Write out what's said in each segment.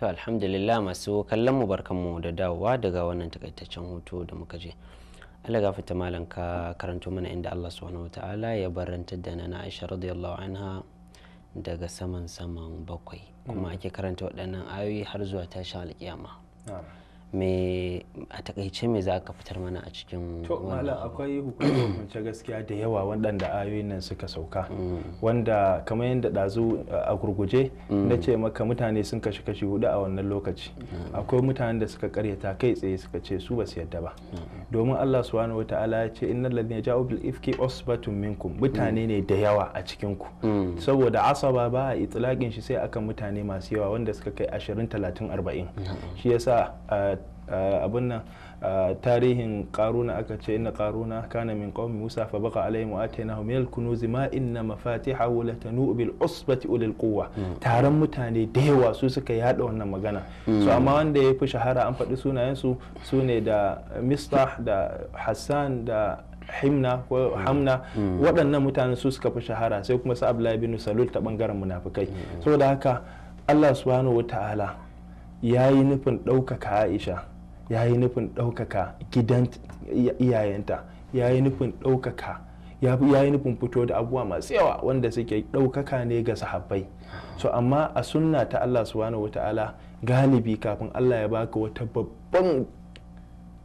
to alhamdulillah masu kallon mu mu da dawowa daga wannan takaitaccen hutu da muka je Allah fita malam ka karanto mana inda Allah subhanahu wataala ya baranta da nana Aisha radiyallahu anha daga saman saman bakwai kuma mm. ake karanta waɗannan ayoyi har zuwa tashin alƙiyama me a takaice me za ka fitar mana a cikin to malam akwai hukumance gaskiya da yawa waɗanda ayoyin nan suka sauka mm. wanda kamar yadda ɗazu a gurguje mm. na ce maka mutane sun kashi kashi hudu a wannan lokaci mm. akwai mutanen da suka karyata kai tsaye suka ce su ba su yadda ba domin Allah subhanahu wataala ya ce innal ladina ja'u bil ifki usbatun minkum mutane ne da yawa a cikin ku saboda asaba ba a itlaqin shi sai akan mutane masu yawa wanda suka kai 20 30 40 shi yasa abin nan tarihin karuna aka ce inna karuna kana min qaumi musa fa baqa alayhi wa atainahu min al-kunuz ma inna la tanu bil usbati ulil quwwa hmm. taron mutane da yawa su suka yada wannan magana so hmm. amma wanda ya fi shahara an faɗi sunayen su sune da mistah da hassan da himna ko hmm. hamna waɗannan mutane su suka fi shahara sai kuma su abdullahi bin salul ta bangaren munafikai saboda haka Allah subhanahu wa ta'ala ya nufin ɗaukaka Aisha ya yi nufin ɗaukaka gidan iyayenta ya yi nufin ɗaukaka ya yi nufin fito da abubuwa masu yawa wanda suke ɗaukaka ne ga sahabbai so amma a sunna ta allah subhanahu wata'ala galibi kafin allah ya baka wata babban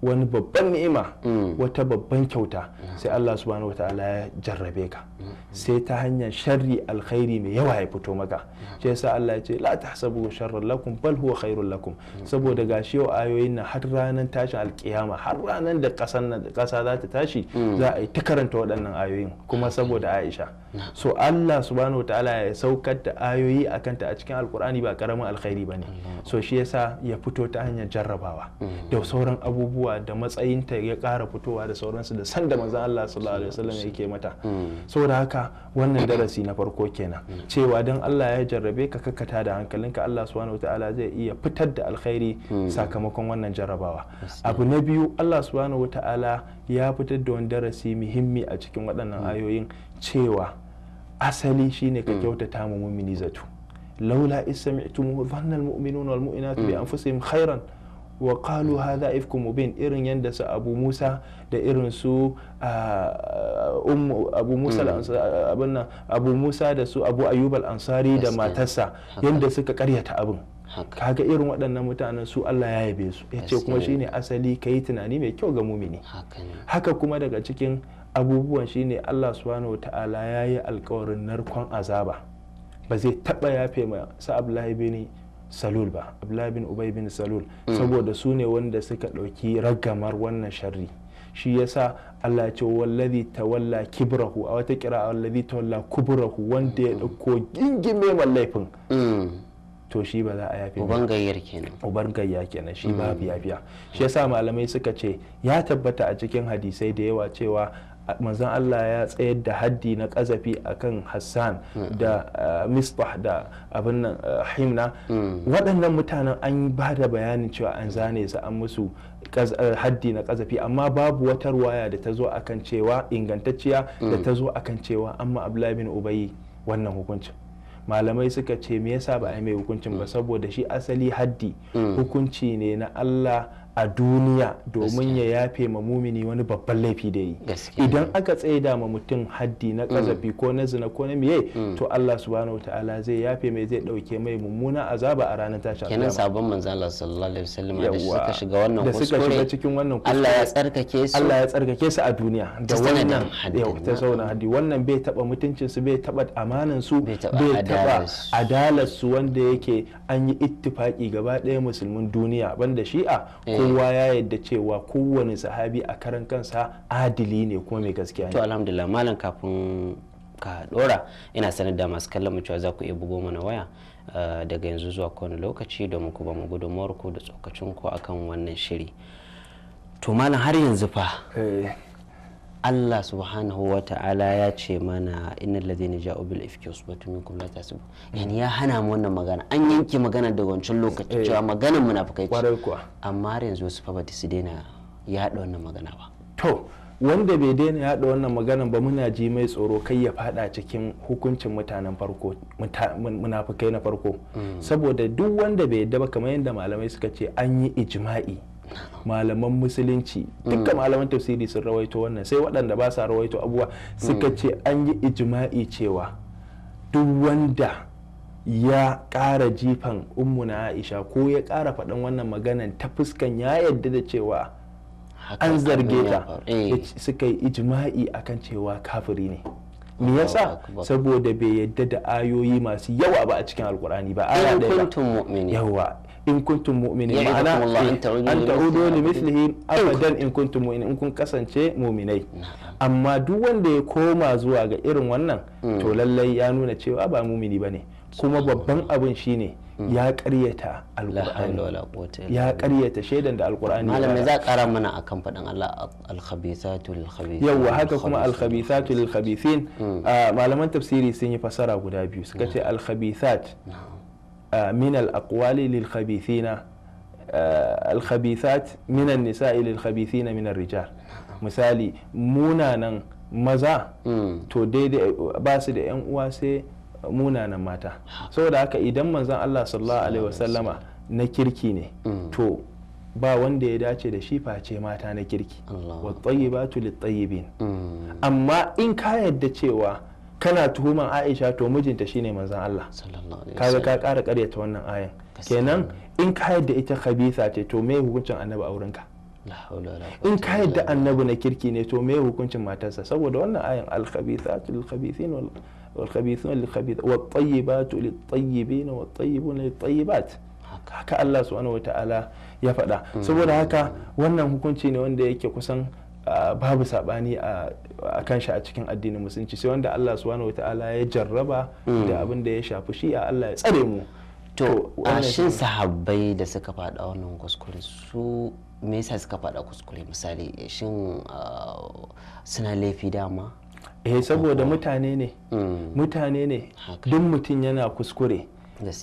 wani babban ni'ima mm. wata babban kyauta sai Allah subhanahu wataala ya jarrabe ka mm. sai ta hanyar sharri alkhairi mai yawa ya fito maka mm. shi yasa Allah ya ce la tahsabu sharran lakum bal huwa khairul lakum saboda gashi ayoyin nan har ranar tashin alkiyama har ranar da kasan nan kasa za ta tashi za a yi ta karanta waɗannan ayoyin kuma saboda Aisha so Allah subhanahu wataala ya saukar da ayoyi akan ta a cikin alkur'ani ba karamin alkhairi bane so shi yasa ya fito ta hanyar jarrabawa da sauran abubuwa da da matsayinta ya kara fitowa da sauransu da sanda manzon Allah sallallahu alaihi wasallam yake mata hmm. saboda haka wannan hmm. darasi na farko kenan hmm. cewa dan Allah ya jarrabe ka kakkata da hankalinka Allah subhanahu wataala zai iya fitar da alkhairi sakamakon wannan jarrabawa abu na biyu Allah subhanahu wataala ya fitar da wani darasi muhimmi a cikin waɗannan ayoyin cewa asali shine ka kyautata mu mumini zato laula isami'tumuhu dhanna almu'minuna walmu'minatu bi anfusihim khairan wa qalu hadha ifkum mubin irin yadda su abu musa da irin su ah, ah, hmm. ah, abu musa da su abu ansari da matarsa yadda suka karyata abin kaga irin waɗannan mutanen su Allah ya yabe su ya ce kuma shine asali ka yi tunani mai kyau ga mumini haka kuma daga cikin abubuwan shine Allah subhanahu ta'ala ya yi alkawarin narkon azaba ba zai taɓa yafe ma sa'ab lahibini salul ba abdullahi bin ubay bin salul mm. saboda su ne wanda suka ɗauki ragamar wannan sharri shi yasa Allah ce wallazi tawalla kibrahu a wata kira wallazi tawalla kubrahu wanda ya dauko gingime mai laifin mm. to shi ba za a yafe uban gayyar kenan uban gayya kenan shi biya mm. yafiya shi yasa malamai suka ce ya tabbata a cikin hadisai da yawa cewa manzon Allah ya tsayar da haddi na kazafi akan Hassan da uh, Misbah da abin nan uh, Himna mm. waɗannan mutanen an ba da bayanin cewa an zane su an musu uh, haddi na kazafi amma babu wata ruwaya da ta zo akan cewa ingantacciya da mm. ta zo akan cewa amma Abdullahi bin Ubayi wannan hukuncin malamai suka ce me yasa ba a yi mai hukuncin ba mm. saboda shi asali haddi hukunci ne na Allah a duniya domin ya yafe ma mumini wani babban laifi da yi idan aka tsaye da ma mutum haddi na kazafi mm. ko na zina ko na miye mm. to Allah subhanahu wataala zai yafe mai zai dauke mai mummuna azaba a ranar tashin kenan sabon manzo Allah sallallahu alaihi wasallam da suka shiga wannan kuskure da suka shiga cikin wannan kuskure Allah ya tsarkake su Allah ya tsarkake su a duniya da wannan ta sauna haddi wannan bai taba mutuncin su bai taba amanan su bai taba adalar su wanda yake an yi ittifaki gaba ɗaya musulmin duniya banda shi'a ko kowa ya yadda cewa kowane sahabi a karan kansa adili ne kuma mai gaskiya to alhamdulillah malam kafin ka dora ina sanar da masu kallon mu cewa za ku iya bugo mana waya eh, daga yanzu zuwa kowane lokaci domin ku ba mu gudunmuwar ku da tsokacin ku akan wannan shiri to malam har yanzu fa eh. Allah subhanahu wa ta'ala ya ce mana innal ladhina ja'u bil ifki min kuma ta tasibu yani ya hana mu wannan magana an yanke magana da wancan lokacin eh. cewa maganar munafikai ce amma har yanzu su fa su daina yaɗa wannan magana ba to wanda bai daina yaɗa wannan maganan ba muna ji mai tsoro kai ya fada cikin hukuncin mutanen farko munafikai na farko mm. saboda duk wanda bai yadda ba kamar yadda malamai suka ce an yi ijma'i malaman musulunci duka mm. malaman tafsiri sun rawaito wannan sai waɗanda ba sa rawaito abuwa suka mm. ce an yi ijma'i cewa duk wanda ya ƙara jifan ummuna aisha ko ya ƙara faɗin wannan maganan ta fuskan ya yadda da cewa an zarge ta eh. suka yi ijma'i akan cewa kafiri ne me yasa saboda bai yadda da ayoyi masu yawa ba a cikin alkurani ba aya ɗaya yawa in kuntum mu'minin ma'ana an ta'udu li mislihi abadan in kuntum mu'minin in kun kasance mu'minai amma duk wanda ya koma zuwa ga irin wannan to lallai ya nuna cewa ba mu'mini bane kuma babban abin shine ya karyata alqur'ani ya karyata shaidan da alqur'ani malamai za kara mana akan fadan Allah alkhabithatu lilkhabithin yawa haka kuma alkhabithatu lilkhabithin malaman tafsiri sun yi fasara guda biyu suka ce alkhabithat من الأقوال للخبيثين alkhabithat minan nisa'i lil khabithina minar rijal misali munanan maza to daidai ba su da yan uwa sai munanan mata saboda haka idan manzon Allah sallallahu na kirki ne to ba wanda ya dace da shi face mata na kirki wa tayyibatu lit tayyibin amma in ka yadda cewa kana tuhuman aisha to mijinta shine manzan allah kaga ka kara karyata wannan ayan kenan in ka yadda ita khabitha ce to me hukuncin annabi ka. in ka yadda annabi na kirki ne to me hukuncin matarsa saboda wannan ayan al-khabithatu lil-khabithin wal-khabithun lil-khabith wat-tayyibatu lit-tayyibin wat-tayyibun lit-tayyibat haka Allah subhanahu wa ta'ala ya faɗa mm. saboda haka wannan hukunci ne wanda yake kusan babu saɓani a kan shi a cikin addinin musulunci sai wanda Allah subhanahu wata'ala ya jarraba da mm. abin da ya shafi shi a Allah ya tsare mu to a shin sahabbai da suka faɗa wannan kuskure su me yasa suka faɗa kuskure misali shin suna laifi dama eh saboda mutane ne mm. mutane ne duk mutum yana kuskure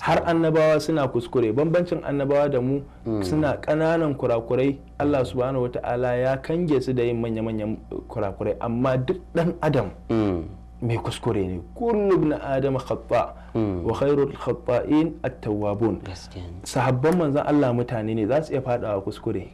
har annabawa suna kuskure bambancin annabawa da mu hmm. suna ƙananan kurakurai Allah subhanahu wata'ala ya kange su da yin manya-manyan kurakurai amma duk ɗan adam hmm. mai kuskure ne kullum na adama khatta wa khairul khatta'in at-tawwabun sahabban manzon Allah mutane ne za su iya fadawa kuskure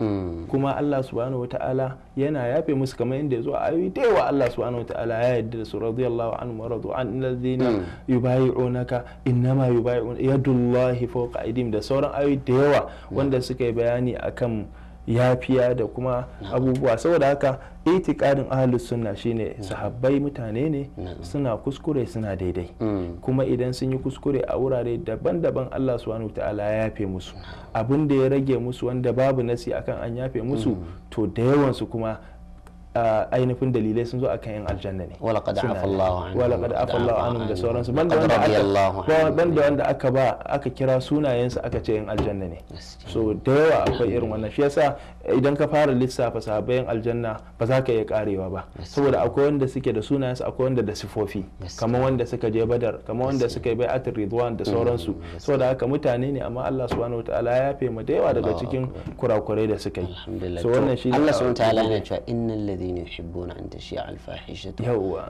kuma Allah subhanahu wataala yana yafe musu kamar inda yazo a ayoyi da yawa Allah subhanahu wataala ya yadda da su radiyallahu anhu wa radu an alladhina yubayi'unaka innama yubayi'un yadullahi fawqa aydihim da sauran ayoyi da yawa wanda suka yi bayani akan yafiya da kuma abubuwa saboda haka itikadin ahlus sunna shine sahabbai mutane ne suna kuskure suna daidai hmm. kuma idan sun yi kuskure a wurare daban-daban Allah subhanahu ta'ala ya yafe musu abin da ya rage musu wanda babu nasi akan an yafe musu hmm. to da yawan su kuma ainihin dalilai sun zo a kan yin aljanna ne wala qad afallahu anhu wala da sauransu banda wanda wanda aka ba aka kira sunayensu aka ce yin aljanna ne so da yawa akwai irin wannan shi yasa idan ka fara lissafa sahabbai aljanna ba za ka iya karewa ba saboda akwai wanda suke da sunayensu akwai wanda da sifofi kamar wanda suka je badar kamar wanda suka yi bai'atul ridwan da sauransu saboda haka mutane ne amma Allah subhanahu wataala ya yafe mu da yawa daga cikin kurakurai da suka yi so wannan shi Allah subhanahu wataala innal الذين يحبون أن تشيع الفاحشة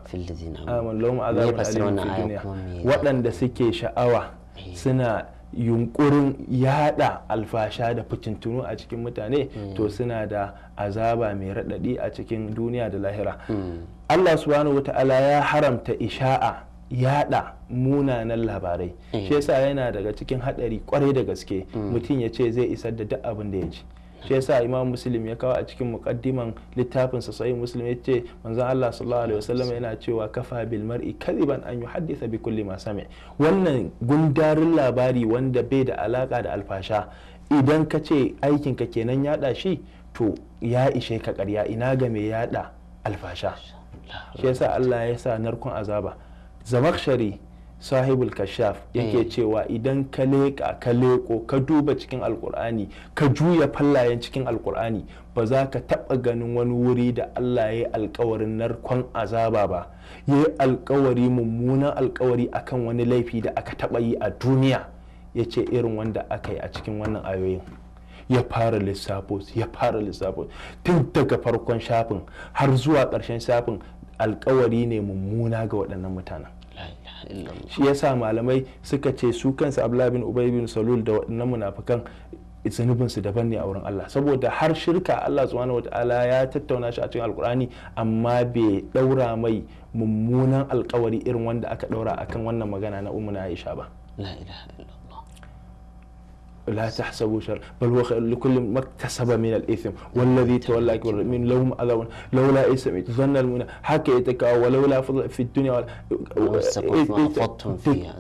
في الذين آمنوا لهم عذاب أليم في الدنيا وأن سنة yunkurin yada alfasha da fitintunu a cikin mutane to suna da azaba mai raɗaɗi a cikin duniya da lahira Allah subhanahu wa ta'ala ya haramta isha'a yada munanan labarai shi yasa yana daga cikin hadari kwarai da gaske mutum ya ce zai isar da duk abin da ya ji shi yasa imam muslim ya kawo a cikin muqaddiman littafin sa sai muslim ya ce manzon Allah sallallahu alaihi wasallam yana cewa kafa bil mar'i kadiban an yuhaddisa bi kulli ma sami wannan gundarin labari wanda bai da alaka da alfasha idan ka ce aikin ka kenan yada shi to ya ishe ka ƙarya ina ga mai yada alfasha shi yasa Allah ya sa narkon azaba zamakshari sahibul kashaf yake mm. cewa idan ka leƙa ka leƙo ka duba cikin alkur'ani ka juya fallayen cikin alkur'ani ba za ka taɓa ganin wani wuri da allah ya yi alkawarin narkon azaba ba ya yi alkawari mummunan alkawari akan wani laifi da aka taɓa yi a duniya ya ce irin wanda aka yi a cikin wannan ayoyin ya fara lissafo ya fara lissafo tun daga farkon shafin har zuwa ƙarshen shafin alkawari ne mummuna ga waɗannan mutanen shi yasa malamai suka ce su kansu abdullahi bin ubay bin salul da waɗannan munafikan zunubinsu daban ne a wurin Allah saboda har shirka Allah subhanahu wata'ala ya tattauna shi a cikin alkurani amma bai daura mai mummunan alkawari irin wanda aka daura akan wannan magana na na Aisha ba لا تحسبوا شر بل هو خير لكل ما اكتسب من الإثم والذي تولى أكبر من لهم أذى لولا اسم تظن المؤمن حكيتك ولولا فضل في الدنيا ولا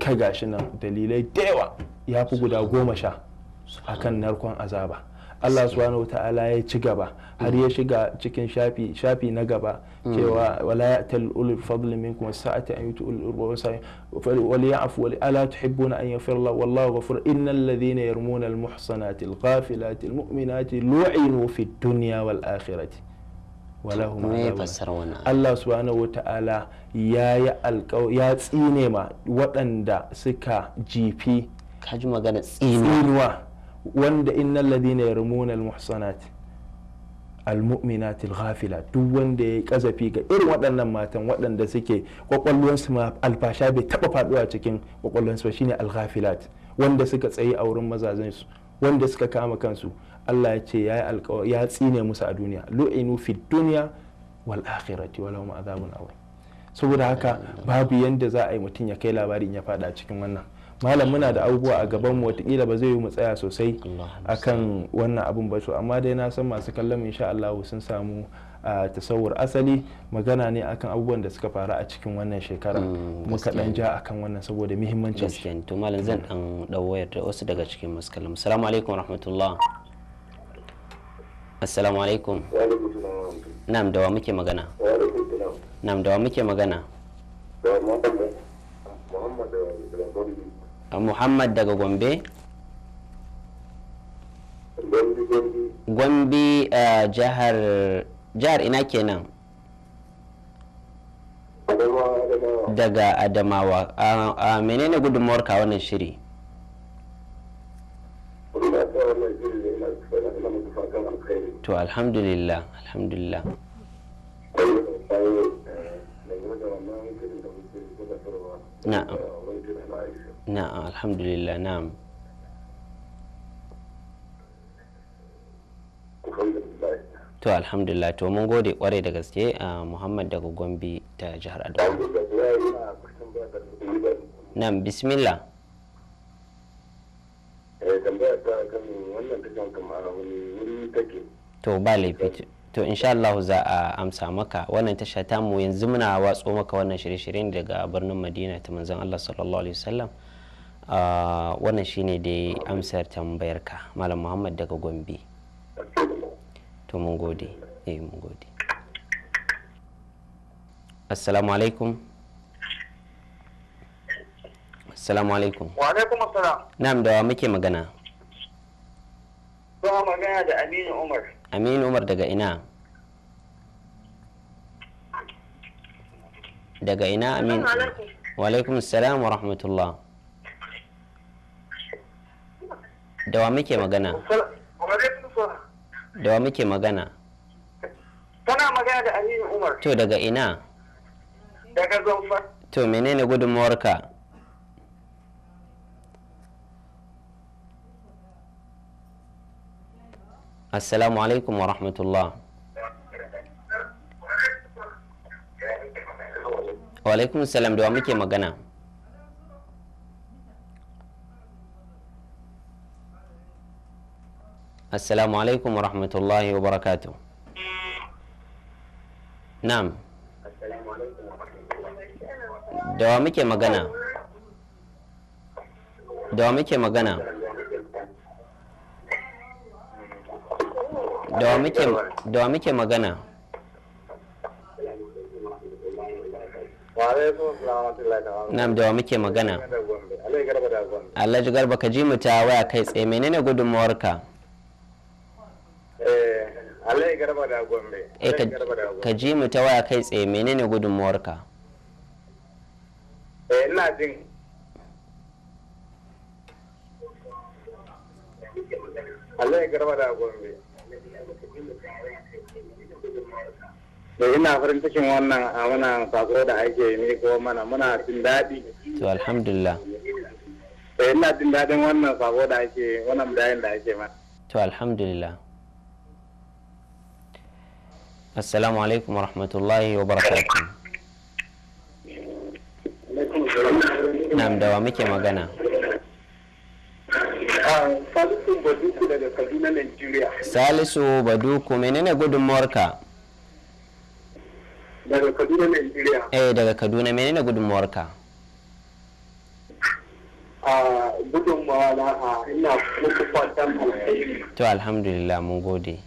كغاشنا دليلي ديوا يا بوغدا غوما شا akan narkon azaba Allah subhanahu ta'ala ya ci gaba har ya shiga cikin shafi shafi na gaba cewa wala ya'tal ulul fadli minkum as-sa'ati an yutu ulul urba wal ya'fu wal ala tuhibbuna an yaghfir Allah wallahu ghafur innal ladhina yarmuna al muhsanati al ghafilati al mu'minati lu'inu fi dunya wal akhirati walahum Allah subhanahu ta'ala ya ya tsine ma waɗanda suka jifi kaji magana tsinuwa wanda inna ladina yarmuna almuhsanat muhsanat al duk wanda ya kazafi ga irin waɗannan matan waɗanda suke su ma alfasha bai taba faduwa cikin kwakwalwansu ba shine al wanda suka tsaye a wurin mazazan su wanda suka kama kansu Allah ya ce ya tsine musu a duniya lu'inu fi duniya wal akhirati wa lahum adhabun saboda haka babu yanda za a yi mutum ya kai labarin ya fada cikin wannan malam muna da abubuwa a gaban mu watakila ba zai yi mu tsaya sosai akan wannan abun ba su amma dai na san masu kallon insha Allah sun samu a tasawur asali magana ne akan abubuwan da suka faru a cikin wannan shekara hmm, muka dan ja akan wannan saboda muhimmancin gaskiya to malam zan dan dau wayar da wasu daga cikin masu kallon assalamu alaikum rahmatullah assalamu alaikum na'am wa muke magana na'am wa muke magana muhammad daga gombe gombe jihar jihar ina kenan daga adamawa a menene gudunmawarka wannan shiri to alhamdulillah alhamdulillah eh, na'am Naam, alhamdulillah, naam. to alhamdulillah to mun gode kwarai da gaske a muhammad daga gombe ta jihar adamawa Naam, bismillah eh, to ba laifi to sha Allah za a amsa maka wannan tasha tamu yanzu muna watso maka wannan shirye-shiryen daga birnin madina ta manzon Allah sallallahu alaihi wasallam Ah, wannan shine dai amsar tambayarka malam muhammad daga gombe to mun gode eh mun gode assalamu alaikum assalamu alaikum wa alaikum assalam na'am da muke magana ba magana da aminu umar aminu umar daga ina daga ina aminu wa alaikum assalam wa rahmatullah Dawa muke magana Dawa muke magana tana magana da aminu umar to daga ina daga zamfa to menene gudunmawarka assalamu alaikum wa rahmatullah wa alaikum salam da wa muke magana assalamu alaikum wa rahmatullahi wa barakatu na'am da wa muke magana da wa muke magana da wa muke magana Nam da wa muke magana. Allah ji garba ka ji mu ta waya kai tsaye menene gudunmawarka? Allah ya garba da gombe. Eh ka ji mu ta waya kai tsaye menene gudunmuwarka? Eh ina jin Allah ya garba da gombe. da ina farin cikin wannan a wannan sako da ake ne ko mana muna jin daɗi. To alhamdulillah. Da eh, ina jin daɗin wannan sako da ake wannan bayan da ake mana. To alhamdulillah. السلام عليكم ورحمة الله wa نعم دوامك يا muke magana salisu baduku daga kaduna موركا daga kaduna nigeria eh daga kaduna menene gudunmuwarka a ah, gudunmawa na a ah, ina muku fatan to alhamdulillah mun gode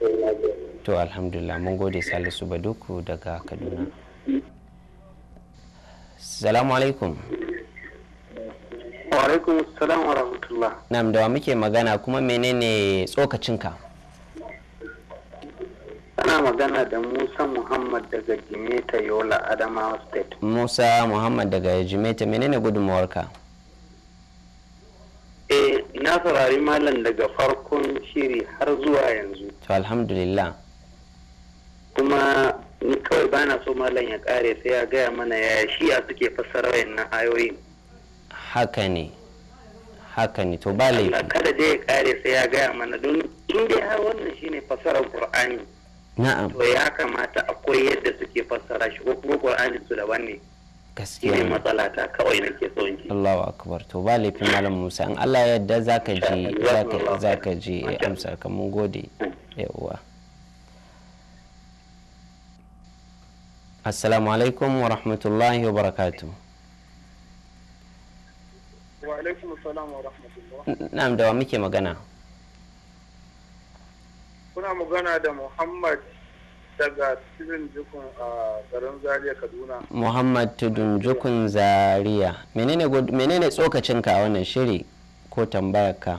eh, to alhamdulillah mun gode salisu baduku daga kaduna salamu alaikum wa alaikum salam wa rahmatullah na da muke magana kuma menene tsokacinka ana magana da musa muhammad daga jimeta yola adamawa state musa muhammad daga jimeta menene gudunmawarka eh na saurari malam daga farkon shiri har zuwa yanzu to alhamdulillah kuma ni kawai na so malam ya kare sai ya gaya mana ya shiya suke fassara wayannan ayoyin haka ne haka ne to ba laifi kada dai ya kare sai ya gaya mana don in dai har wannan shine fassarar qur'ani na'am to ya kamata akwai yadda suke fassara shi ko kuma qur'ani su daban ne gaskiya ne matsala ta kawai nake so in ji Allahu akbar to ba laifin malam Musa in Allah ya yarda zaka je zaka je amsar ka mun gode yawa assalamu alaikum wa rahmatullahi wa barakatu wa alaikum salam wa rahmatullahi na'am da wa muke magana kuna magana da muhammad daga tudun jukun a garin zaria kaduna muhammad tudun jukun zaria menene tsokacinka a wannan shiri ko tambayarka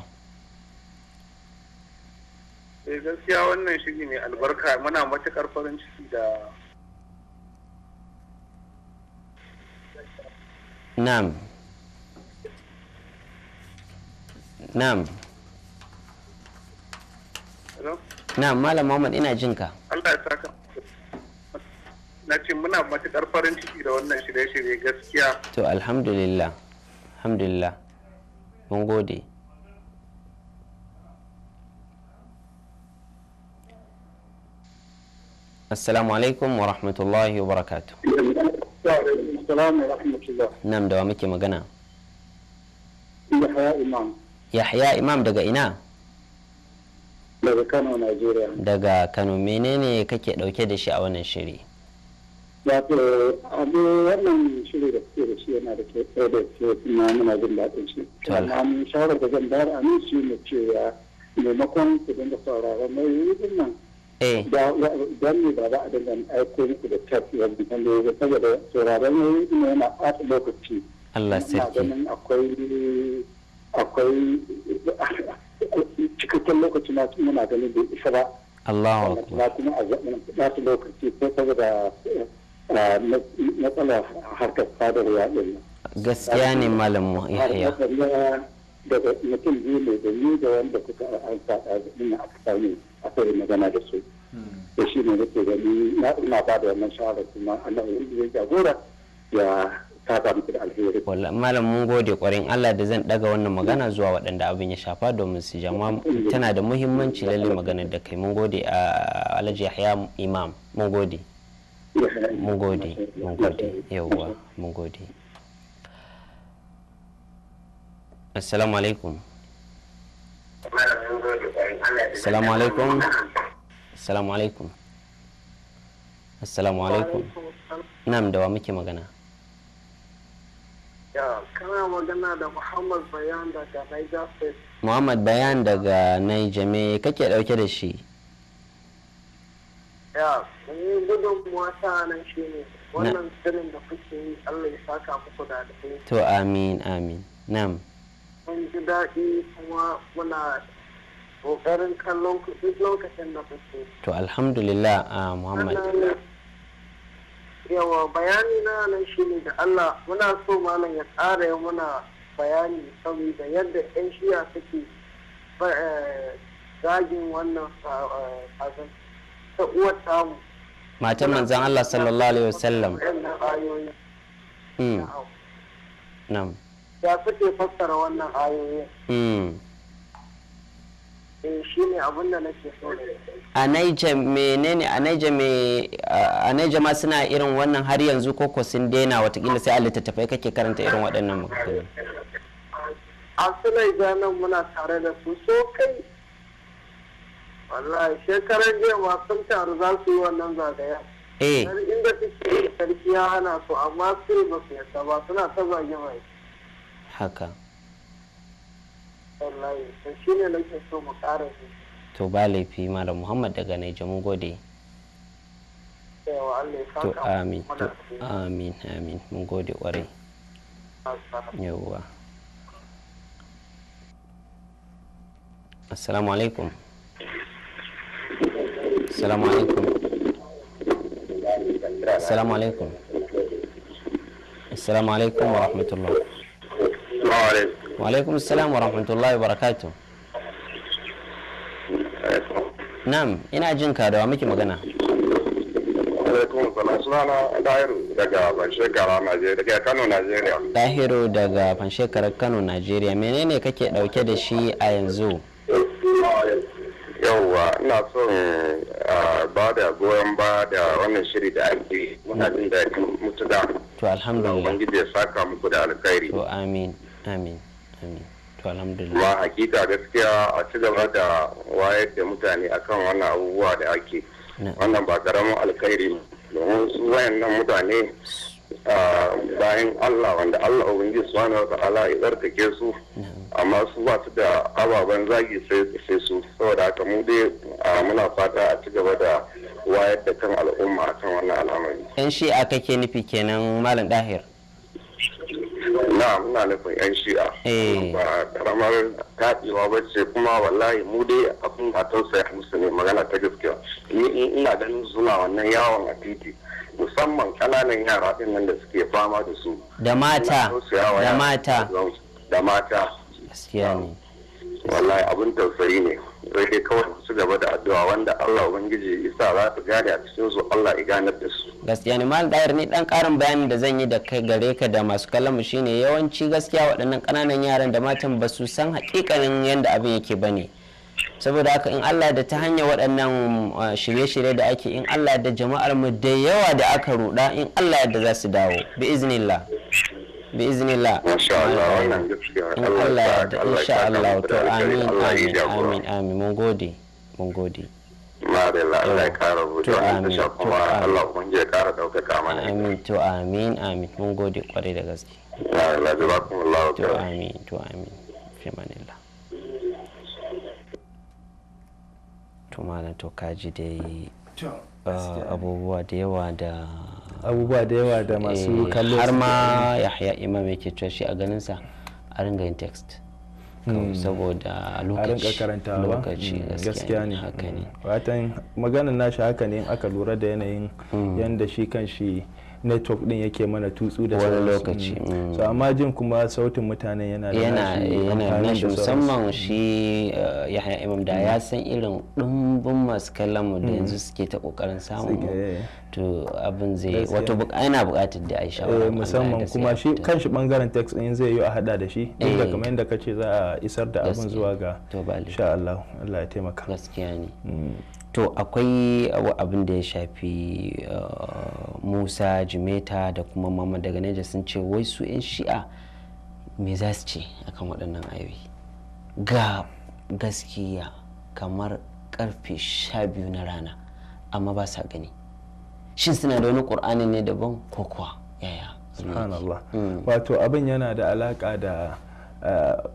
eh, gaskiya wannan shiri mai albarka muna matukar farin ciki da نعم نعم نعم ما لا محمد إنا جنكا الله يسعدك نحن منا ما تقدر فرن تشيرا ونحن شري شري جس كيا تو الحمد لله الحمد لله مونغودي السلام عليكم ورحمة الله وبركاته Nam da wa muke magana? Yahya Imam. Yahya Imam daga ina? Daga Kano, Najeriya. Daga Kano, menene kake dauke da shi a wannan shiri? Wato, abu wannan shiri da kuke da shi yana da ke da ke kuma muna jin daɗin shi. Amma mun shawarar da zan bayar a nan shi ne cewa maimakon ku dinga sauraron mai yi nan don eh. ne ba za a dinga aiko muku da tafi yanzu kan da ya saboda sauraron ina yana ɓata lokaci Allah sarki ganin akwai akwai cikakken lokaci na muna ganin bai isa ba Allah wa kuma kuma a ɓata lokaci ko saboda harkar sadarwa ɗin gaskiya ne malam Yahya daga mutum biyu ne da ni da wanda kuka an sa ɗazu ina aka same akwai yi magana da su da shi ne nake gani na ina ba da wannan shawara kuma Allah ya yi jagora ya saba muku da alheri wallahi malam mun gode kwarin Allah da zan daga wannan magana zuwa waɗanda abin ya shafa domin su jama tana da muhimmanci lalle maganar da kai mun gode a Alhaji Yahya Imam mun gode mun gode mun gode yauwa mun gode assalamu alaikum Assalamu alaikum. Assalamu alaikum. Assalamu alaikum. Nam da wa muke magana? Ya, kana magana da Muhammad Bayan daga Niger State. Muhammad Bayan daga Niger me kake dauke da shi? Ya, ni gudun mata nan shi ne. Wannan sirrin da kuke yi Allah ya saka muku da alheri. To amin amin. Nam. mun ji daɗi kuma muna ƙoƙarin kallon duk lokacin da kuke. To alhamdulillah a Muhammad. Yawa bayani na nan shi ne da Allah muna so malam ya ƙara yi muna bayani saboda yadda 'yan shiya suke eh, zagin wannan sazan ta uwar tamu. Matan manzan Allah sallallahu Alaihi wasallam. Mm. Nam. No. ya suke fassara wannan ayoyin hmm. eh, shi ne nake so a naija menene a naija me a naija ma suna irin wannan har yanzu koko sun daina watakila sai a littattafai kake karanta irin waɗannan makalolin a suna naija nan muna tare da su so kai wallahi shekarar jiya ma sun taru za su yi wannan zagaya eh inda suke sarki ya hana su amma su ba su yasa ba suna ta zage mai haka to ba laifi malam muhammad daga naija mun gode to amin to amin amin mun gode kwarai yawwa assalamu alaikum assalamu alaikum assalamu alaikum assalamu alaikum wa rahmatullah wa alaikum salam wa rahmatullahi wa barakatuh Na'am, ina jin ka da muke magana. Dahiru daga Banshekara Kano Najeriya. menene kake dauke da shi a yanzu? yauwa ina son ba da goyon ba da wannan shiri da ake muna jin daɗin da To alhamdulillah. Ubangiji ya saka muku da alkhairi. To amin. amin amin to alhamdulillah ba hakika gaskiya a ci gaba da wayar da mutane akan wannan abubuwa da ake wannan ba karamin alkhairi domin su wayannan mutane bayan Allah wanda Allah Ubangiji wani wata ala ya tsarkake su amma su ba su da ababen zagi sai su saboda haka mu dai muna fata a ci gaba da wayar da kan al'umma akan wannan al'amari. Yan shi'a kake nufi kenan Malam Dahir. na muna nufin yan shi'a eh. ba karamar kaɗewa ba ce kuma wallahi mu dai abin matan sai musu ne magana ta gaskiya ni ina ganin zuna wannan yawon a titi musamman ƙananan yara ɗin nan da suke fama da su da mata da mata da mata gaskiya ne wallahi abin tausayi ne sai dai kawai su gaba da addu'a wanda Allah ubangiji ya sa za su gane a cikin su Allah ya ganar da su gaskiya ne mal dayar ne dan karin bayani da zan yi da kai gare ka da masu kallon mu shine yawanci gaskiya waɗannan ƙananan yaran da matan ba su san hakikanin yanda abin yake bane saboda haka in Allah da ta hanyar waɗannan uh, shirye-shirye da ake in Allah da jama'ar mu da yawa da aka ruɗa in Allah da za su dawo bi iznillah bi insha Allah to amin amin da abubuwa da yawa da abubuwa da yawa da masu eh, kallo har ma yahya imam yake cewa shi a ganin sa a ringa yin text hmm. saboda lokaci hmm, gaskiya ne haka ne hmm. watan maganar nashi haka ne in aka lura da yanayin yanda shi kan shi network din yake mana tutsu da wani lokaci mm. Mm. so amma jin kuma sautin mutane yana da yana nashi eh, musamman mm. shi eh, yahaya imam da ya san irin dumbin masu kallon mu da yanzu suke ta kokarin samu eh. to abin zai wato ana bukatar da aisha musamman kuma shi kanshi bangaren text din zai yi a hada da shi duk da kamar yadda kace za a isar da abin zuwa ga insha Allah Allah ya taimaka gaskiya ne to akwai abin da ya shafi uh, musa jimeta da kuma mama daga neja sun ce wai su 'yan shi'a me za su ce akan waɗannan ayoyi ga gaskiya kamar karfe sha biyu na rana amma ba sa gani shin suna da wani ƙur'ani ne daban ko yaya hmm. wato abin yana da alaƙa da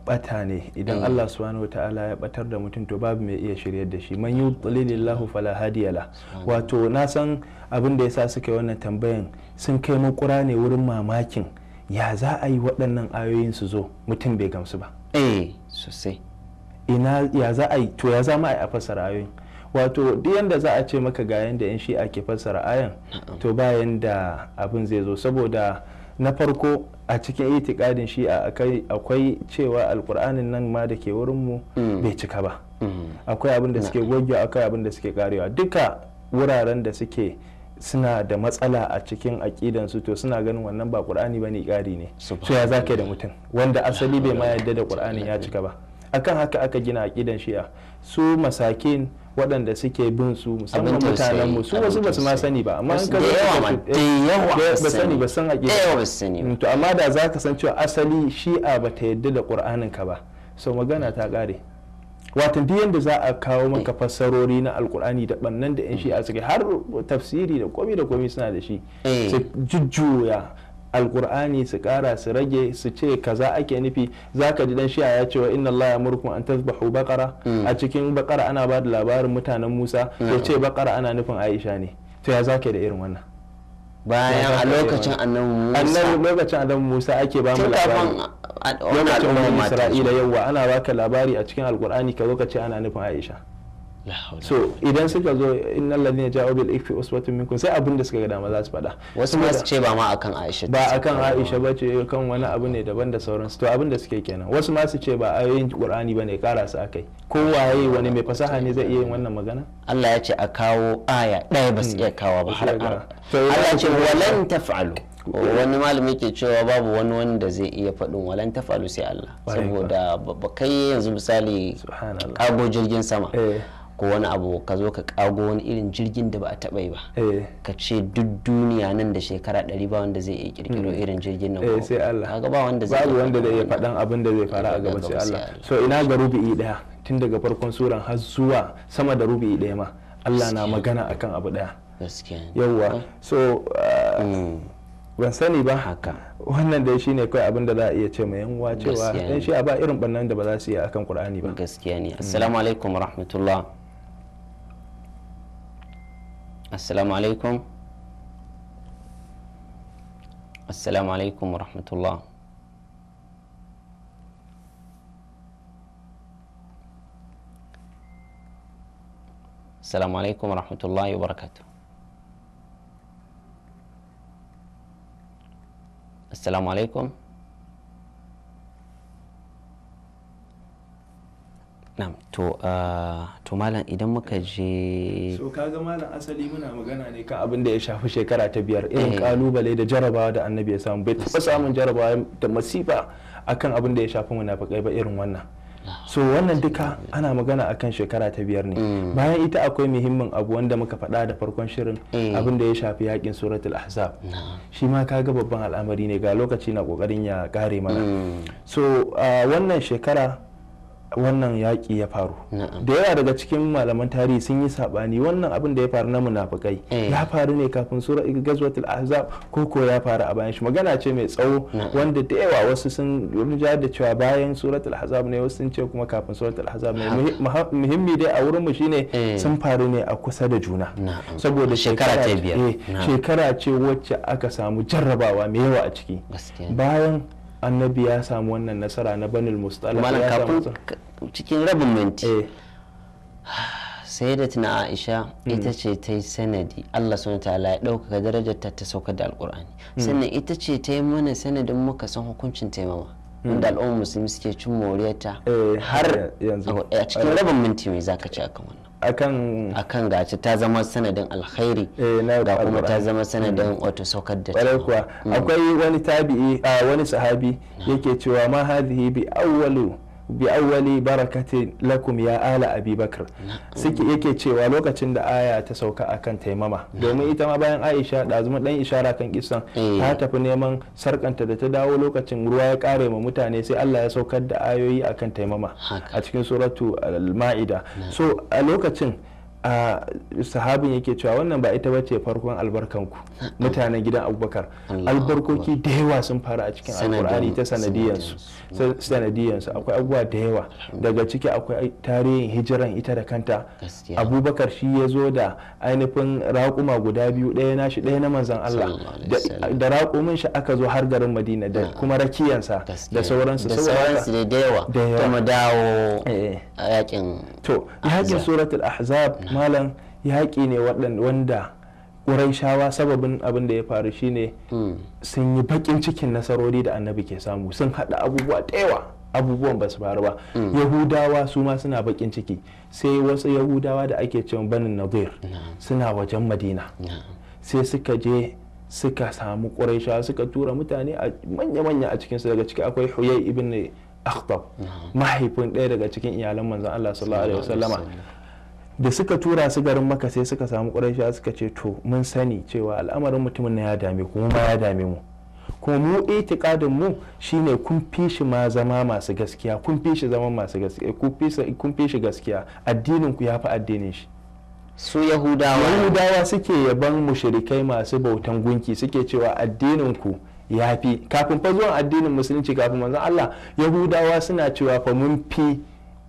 bata ne idan mm. Allah subhanahu ta'ala ya batar da mutum to babu mai iya shiryar da shi man yudlilillahu fala hadiyala wato na san abin da yasa suka yi wannan tambayan sun kai mu ne wurin mamakin ya za a yi waɗannan ayoyin su zo mutum bai gamsu ba eh sosai ina ya za a yi to ya za ma a fassara ayoyin wato duk yanda za a ce maka ga yanda yan shi ke fassara ayan to ba yanda abin zai zo saboda na farko a cikin itikadin shi akwai cewa alkur'anin nan ma da ke wurinmu mm. bai cika ba mm. akwai abin da suke gogewa akwai abin da suke karewa duka wuraren da suke suna da matsala a cikin aƙidansu to suna ganin wannan ba ƙur'ani ba ne ƙari ne so ya da mutum wanda asali bai ma yadda da ƙur'ani ya cika ba akan haka aka gina aƙidan shi'a su masakin waɗanda suke bin su musamman mutanen mu su wasu basu ma sani ba amma an ka da yawa da yawa ba sani ba san mm, to amma da zaka san cewa asali shi'a bata yadda da qur'anin ka ba so magana ta kare wato duk yadda za a kawo maka eh. fassarori na alkur'ani da bannan da yan mm. shi'a suke har tafsiri da komi da komi suna da shi eh. su jujjuya alkur'ani su kara su rage su ce kaza ake nufi zaka ji dan shi'a ya ce wa inna Allah ya murkum an tasbahu baqara mm. a cikin baqara ana ba da labarin mutanen Musa mm. ya ce baqara ana nufin Aisha ne to ya zaka da irin wannan bayan a lokacin annabi Musa annabi lokacin annabi Musa ake ba mu labarin lokacin Isra'ila yawa ana baka labari a cikin alkur'ani ka zo ka ce ana nufin Aisha so idan suka zo in allazi ya ja'u bil ikfi usbatun minkum sai abin da suka ga dama za su faɗa wasu ma su ce ba ma akan Aisha ba akan Aisha ba ce kan wani abu ne daban da su to abin da suke kenan wasu ma su ce ba ayoyin Qur'ani bane kara su akai ko waye wani mai fasaha ne zai iya yin wannan magana Allah ya ce a kawo aya ɗaya ba su iya hmm. kawo ba har Allah ya ce walan taf'alu hmm. wani malami ke cewa babu wani wanda zai iya faɗin walan tafalu sai Allah saboda ba kai yanzu misali kago jirgin sama eh. ko wani abu ka zo ka kago wani irin jirgin da ba a taba yi ba eh. ka ce duk duniya nan da shekara ɗari ba wanda zai iya kirkiro mm. irin jirgin nan eh, sai Allah ba wanda zai babu wanda zai faɗan abin da zai fara a gaba sai Allah so ina ga rubi'i daya tun daga farkon suran har zuwa sama da rubi'i daya ma Allah na magana akan abu daya yawwa so ah, mm. ban sani ba haka wannan dai shine kawai abin da za a iya ce mai yanwa cewa dan shi a ba irin bannan da ba za su yi akan qur'ani ba gaskiya ne mm. assalamu alaikum rahmatullah السلام عليكم السلام عليكم ورحمة الله السلام عليكم ورحمة الله وبركاته السلام عليكم to ah, to malam idan muka je so kaga malam asali muna magana ne ka abin da ya shafi shekara ta biyar irin eh. kalubale da jarabawa da annabi ya samu bai taba samun jarabawa da masifa akan abin da ya shafi munafikai ba irin wannan ah, so wannan duka ana magana akan shekara ta biyar ne mm. bayan ita akwai muhimmin abu wanda muka faɗa da farkon shirin eh. abin da ya shafi yakin suratul ahzab shi ma ga babban al'amari ne ga lokaci na kokarin ya kare mana mm. so ah, wannan shekara wannan yaƙi ya faru da yawa daga cikin malaman tarihi sun yi saɓani wannan abin da ya faru na munafukai eh. ya faru ne kafin sura gazwatul azab ko ko ya faru a bayan shi magana ce mai tsawo wanda da yawa wasu sun rija da cewa bayan suratul azab ne wasu sun ce kuma kafin suratul azab ne muhimmi dai a wurin mu shine eh. sun faru ne a kusa da juna saboda shekara ta biyar eh, shekara ce wacce aka samu jarrabawa mai yawa a ciki bayan annabi ya samu wannan nasara na banil mustala cikin rabin minti eh. sai da tuna aisha hmm. ita ce ta yi sanadi allah sun ta'ala ya ɗaukaka darajarta ta saukar da alkur'ani hmm. sannan ita ce ta yi mana sanadin muka san hukuncin taimama hmm. wanda al'umma musulmi suke cin moriyarta eh, har a cikin rabin minti mai zaka ci akan wannan akan akan gaci ta zama sanadin alkhairi eh, ga kuma ta zama sanadin wato saukar da ta kuwa akwai wani tabi'i wani sahabi yake cewa ma hadhihi bi awwalu bi awwali barakatin lakum ya ala abi bakr suke yake cewa lokacin da aya ta sauka akan taimama domin ita ma bayan aisha da zuma dan ishara kan kisan eh. ta tafi neman sarkanta da ta dawo lokacin ruwa ya kare ma mutane sai Allah ya saukar da ayoyi akan taimama a cikin suratu al-ma'ida so a lokacin a sahabin yake cewa wannan ba ita bace farkon albarkanku ah, ah. mutanen gidan abubakar albarkoki da yawa sun fara a cikin alkur'ani ta sanadiyansu akwai abubuwa da yawa daga ciki akwai tarihin hijiran ita da kanta abubakar shi ya zo da ainihin raƙuma guda biyu ɗaya shi ɗaya na manzan allah da raƙumin shi aka zo har garin madina da ah, kuma rakiyansa da sauransu da sauransu da yawa mu dawo eh, eh. yakin to suratul ahzab malam yaƙi ne wanda shawa sababin abin da ya faru shine hmm. sun yi baƙin cikin nasarori da annabi ke samu sun haɗa abubuwa ɗewa abubuwan ba su faru ba hmm. yahudawa su ma suna baƙin ciki sai wasu yahudawa da ake cewa banin nadir suna wajen madina sai suka je suka samu ƙuraishawa suka tura mutane a manya-manya a cikinsu daga ciki akwai huyai ibn akhtab mahaifin ɗaya daga cikin iyalan manzan allah sallallahu alaihi da suka tura su garin maka sai suka samu ƙuraisha suka ce to mun sani cewa al'amarin mutumin na ya dame kuma ma ya dame mu kuma mu itikadin mu shine kun fi shi ma zama masu gaskiya kun fi shi zama masu gaskiya kun fi shi gaskiya addinin ku ya fi addinin shi su yahudawa yahudawa suke yaban mushrikai masu bautan gunki suke cewa addinin ku ya fi kafin fa zuwan addinin musulunci kafin manzon Allah yahudawa suna cewa fa mun fi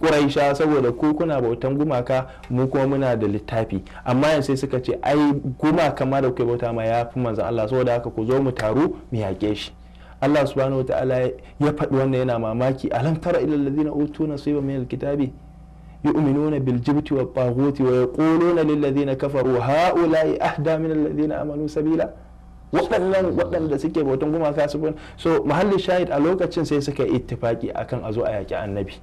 kuraisha saboda ko kuna bautan gumaka mu kuma muna da littafi amma yanzu sai suka ce ai gumaka ma da kuke bauta ma ya fi manzo Allah saboda haka ku zo mu taru mu yaƙe shi Allah subhanahu wataala ya faɗi wannan yana mamaki alam tara ila alladhina utu nasiba min alkitabi yu'minuna bil jibti wa taghuti wa yaquluna lil ladina kafaru haula'i ahda min alladhina amanu sabila waɗannan waɗanda suke bautan gumaka su so muhallin shahid a lokacin sai suka yi ittifaki akan a zo a yaƙi annabi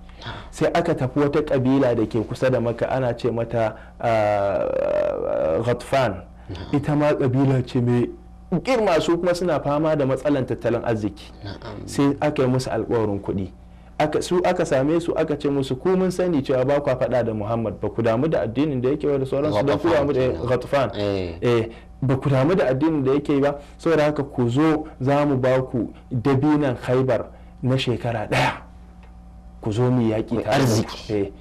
sai aka tafi wata ƙabila da ke kusa da maka ana ce mata ah, ghatfan ita ma ƙabila ce mai girma su kuma suna fama da matsalan tattalin arziki sai aka yi musu alƙawarin kuɗi su aka same su aka ce musu ku mun sani cewa ba kwa faɗa da muhammad ba ku damu da addinin da yake da su da ku damu da ghatfan eh ba ku damu da addinin da yake ba saboda haka ku zo za mu ba ku dabinan haibar na shekara ɗaya ku zo mu yaƙi arziki eh,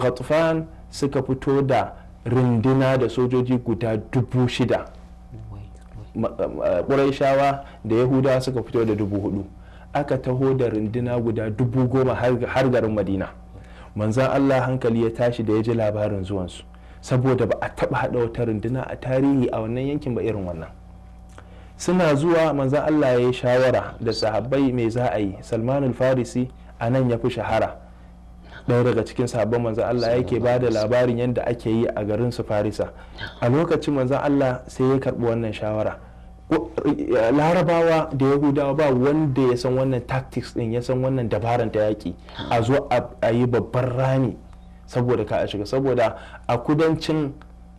ghatfan suka fito da runduna da sojoji guda dubu shida shawa da yahudawa suka fito da dubu hudu aka taho da runduna guda dubu goma har garin madina manzan allah hankali ya tashi da ya ji labarin zuwansu saboda ba a taba hada wata runduna a tarihi a wannan yankin ba irin wannan suna zuwa manzan allah ya yi shawara da sahabbai mai za a yi salman farisi a nan ya fi shahara ɗaya daga cikin sabon manzan Allah yake ba da labarin yadda ake yi a garin su farisa a lokacin manzan Allah sai ya karɓi wannan shawara Eh, larabawa da yahudawa ba wanda ya san wannan tactics din ya san wannan dabaran ta yaƙi a zo a yi babban rami saboda ka a shiga saboda a kudancin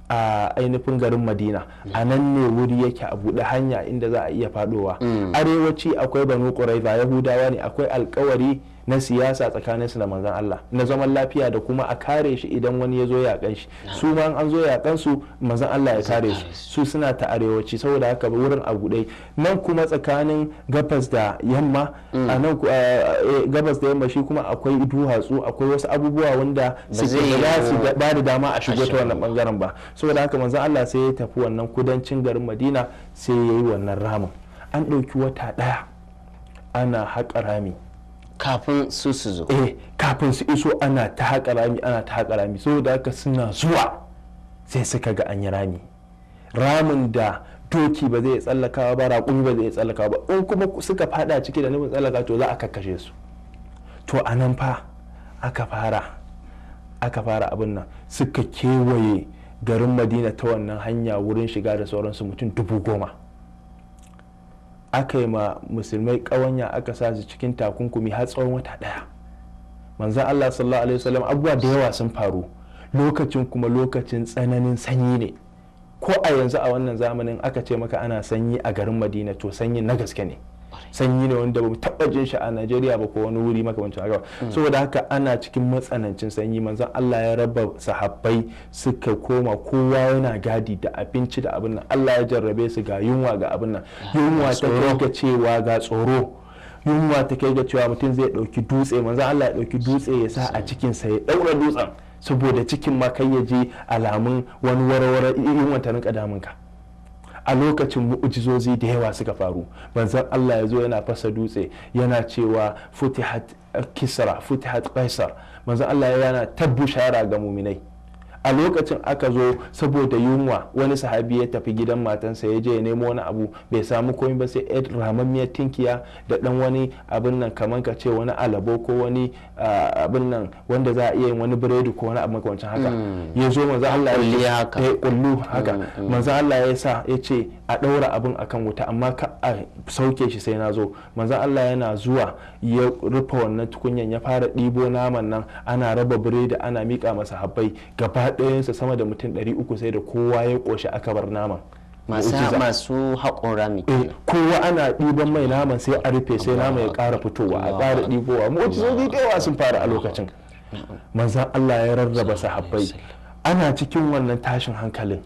a ainihin garin madina a nan ne wuri yake a buɗe hanya inda za a iya faɗowa mm. arewaci akwai banu ƙuraiza yahudawa ne akwai alkawari na siyasa tsakanin su da manzan Allah na zaman lafiya da kuma a kare shi idan wani ya zo ya kan shi su ma an zo kan su manzan Allah ya kare su su suna ta arewaci saboda haka wurin a buɗe nan kuma tsakanin gabas da yamma mm. a nan eh, gabas da yamma shi kuma akwai duhatsu akwai wasu abubuwa wanda ba su ba da dama a shigo ta wannan bangaren ba saboda haka manzan Allah sai ya tafi wannan kudancin garin Madina sai ya yi wannan ramin an ɗauki wata ɗaya ana haƙa rami kafin su su zo eh kafin su iso ana ta haƙa rami ana ta haƙa rami da haka suna zuwa sai suka ga an yi rami ramin da doki ba zai tsallaka ba raƙumi ba zai tsallakawa ba in kuma suka fada ciki da nufin tsallaka to za a kakkashe su to a nan fa aka fara aka fara abin nan suka kewaye garin madina ta wannan hanya wurin shiga da sauransu mutum dubu goma aka yi ma musulmai ƙawanya aka sa su cikin takunkumi har tsawon wata ɗaya manzan allah sallallahu alaihi wasallam abubuwa da yawa sun faru lokacin kuma lokacin tsananin sanyi ne ko a yanzu a wannan zamanin aka ce maka ana sanyi a garin madina to sanyi na gaske ne sanyi ne wanda bamu taɓa jin shi a Najeriya ba ko wani wuri makamancin haka mm. saboda haka ana cikin matsanancin sanyi manzon Allah ya raba sahabbai suka koma kowa yana gadi da abinci da abin nan Allah ya jarrabe su ga yunwa ga abin nan yunwa ta kai cewa ga tsoro yunwa ta kai ga cewa mutum zai ɗauki dutse manzon Allah ya dauki dutse ya sa a cikin sa ya daura dutsen saboda cikin ma kai ya je alamun wani warware irin wata rinka damunka a lokacin mu'ujizozi da yawa suka faru manzon Allah ya zo yana fasa dutse yana cewa futihat kisra futihat qaisar manzon Allah yana ta bushara ga muminai a lokacin aka zo saboda yunwa wani sahabi ya tafi gidan matansa ya je ya nemo wani abu bai samu komai ba sai yar ramammiyar tinkiya da dan wani abin nan kamar ka ce wani alabo ko wani abin nan wanda za a iya yin wani biredi ko wani abu makamancin haka mm. ya zo manzo Allah ya eh, kullu haka mm, mm. manzo Allah ya sa ya ce a ɗaura abin akan wuta amma ka a sauke shi sai na zo manzan Allah yana zuwa ya rufe wannan tukunyan ya fara ɗibo naman nan ana raba biredi ana miƙa masa habbai gaba ɗayansa sama da mutum ɗari uku sai da kowa ya ƙoshi aka bar naman masu haƙon eh, rami kowa ana ɗiban mai naman sai a rufe sai naman ya ƙara fitowa a ƙara ɗibowa mu'ujizozi da yawa sun fara a lokacin manzan Allah ya rarraba sahabbai ana cikin wannan tashin hankalin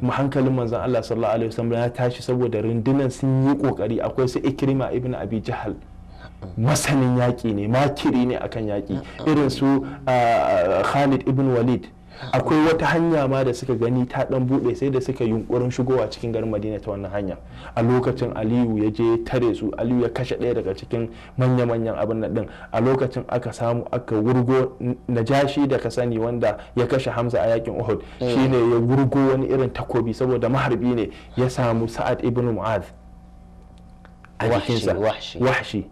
kuma hankalin manzon Allah sallallahu alaihi wasallam ya tashi saboda rundunan sun yi kokari akwai su ikrima ibn abi jahal masanin yaƙi ne makiri ne akan yaƙi irin su ah, khalid ibn walid akwai wata hanya ma da suka gani ta dan bude sai da suka yunkurin shigowa cikin garin madina ta wannan hanya a lokacin aliyu ya je tare su aliyu ya kashe ɗaya daga cikin manya-manyan abin nan din a lokacin aka samu aka wurgo najashi da ka sani wanda ya kashe hamza a yakin uhud eh. shine ya wurgo wani irin takobi saboda maharbi ne ya samu sa'ad ibn mu'adh a jikinsa wahshi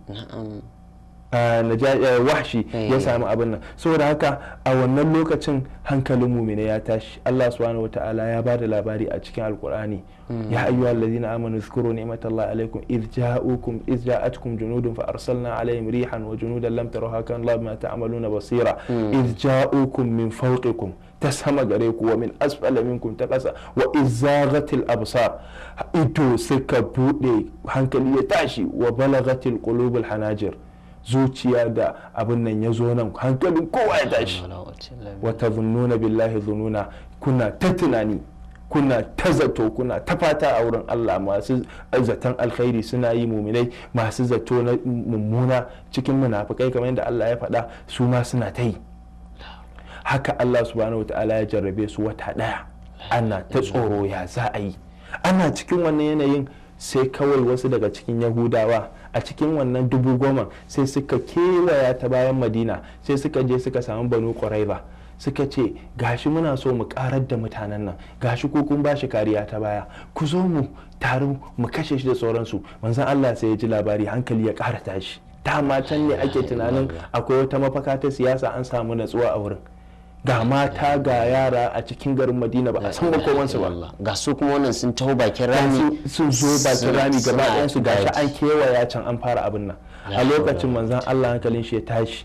wahshi ya eh. samu abin nan saboda haka a wannan lokacin hankalin mumina ya tashi Allah subhanahu wataala ya ba da labari a cikin alkur'ani hmm. ya ayyuha allazina amanu zkuru ni'matallahi alaikum id ja'ukum id ja'atkum junudun fa arsalna alaihim rihan wa junudan lam tarawha kan Allah bima ta'maluna basira hmm. id ja'ukum min fawqikum ta sama gare ku wa min asfala minkum ta kasa wa izagatil absar ido suka bude hankali ya tashi wa balagatil qulubul hanajir zuciya da abin nan ya zo nan hankalin kowa ya tashi wata zununa billahi zununa kuna ta tunani kuna ta zato kuna ta fata a wurin Allah masu zaton alkhairi suna yi muminai masu zato na mummuna cikin munafukai kamar yadda Allah ya faɗa su ma suna ta yi haka Allah subhanahu wata'ala ya jarrabe su wata ɗaya ana ta tsoro ya za a yi ana cikin wannan yanayin sai kawai wasu daga cikin yahudawa a cikin wannan dubu goma sai suka kewaya ta bayan madina sai suka je suka samu banu ba suka ce gashi muna so mu karar da mutanen nan gashi ko kun bashi kariya ta baya ku zo mu taru mu kashe shi da sauransu manzon Allah sai ya ji labari hankali ya ƙara tashi ta can ne ake tunanin akwai wata mafaka ta siyasa an samu natsuwa a wurin ga mata ga yara a cikin garin madina ba a san kowansu ba ga su kuma wannan sun taho bakin rami sun zo bakin rami gaba ɗayan su gashi an kewaya can an fara abin nan a lokacin manzon Allah hankalin shi ya tashi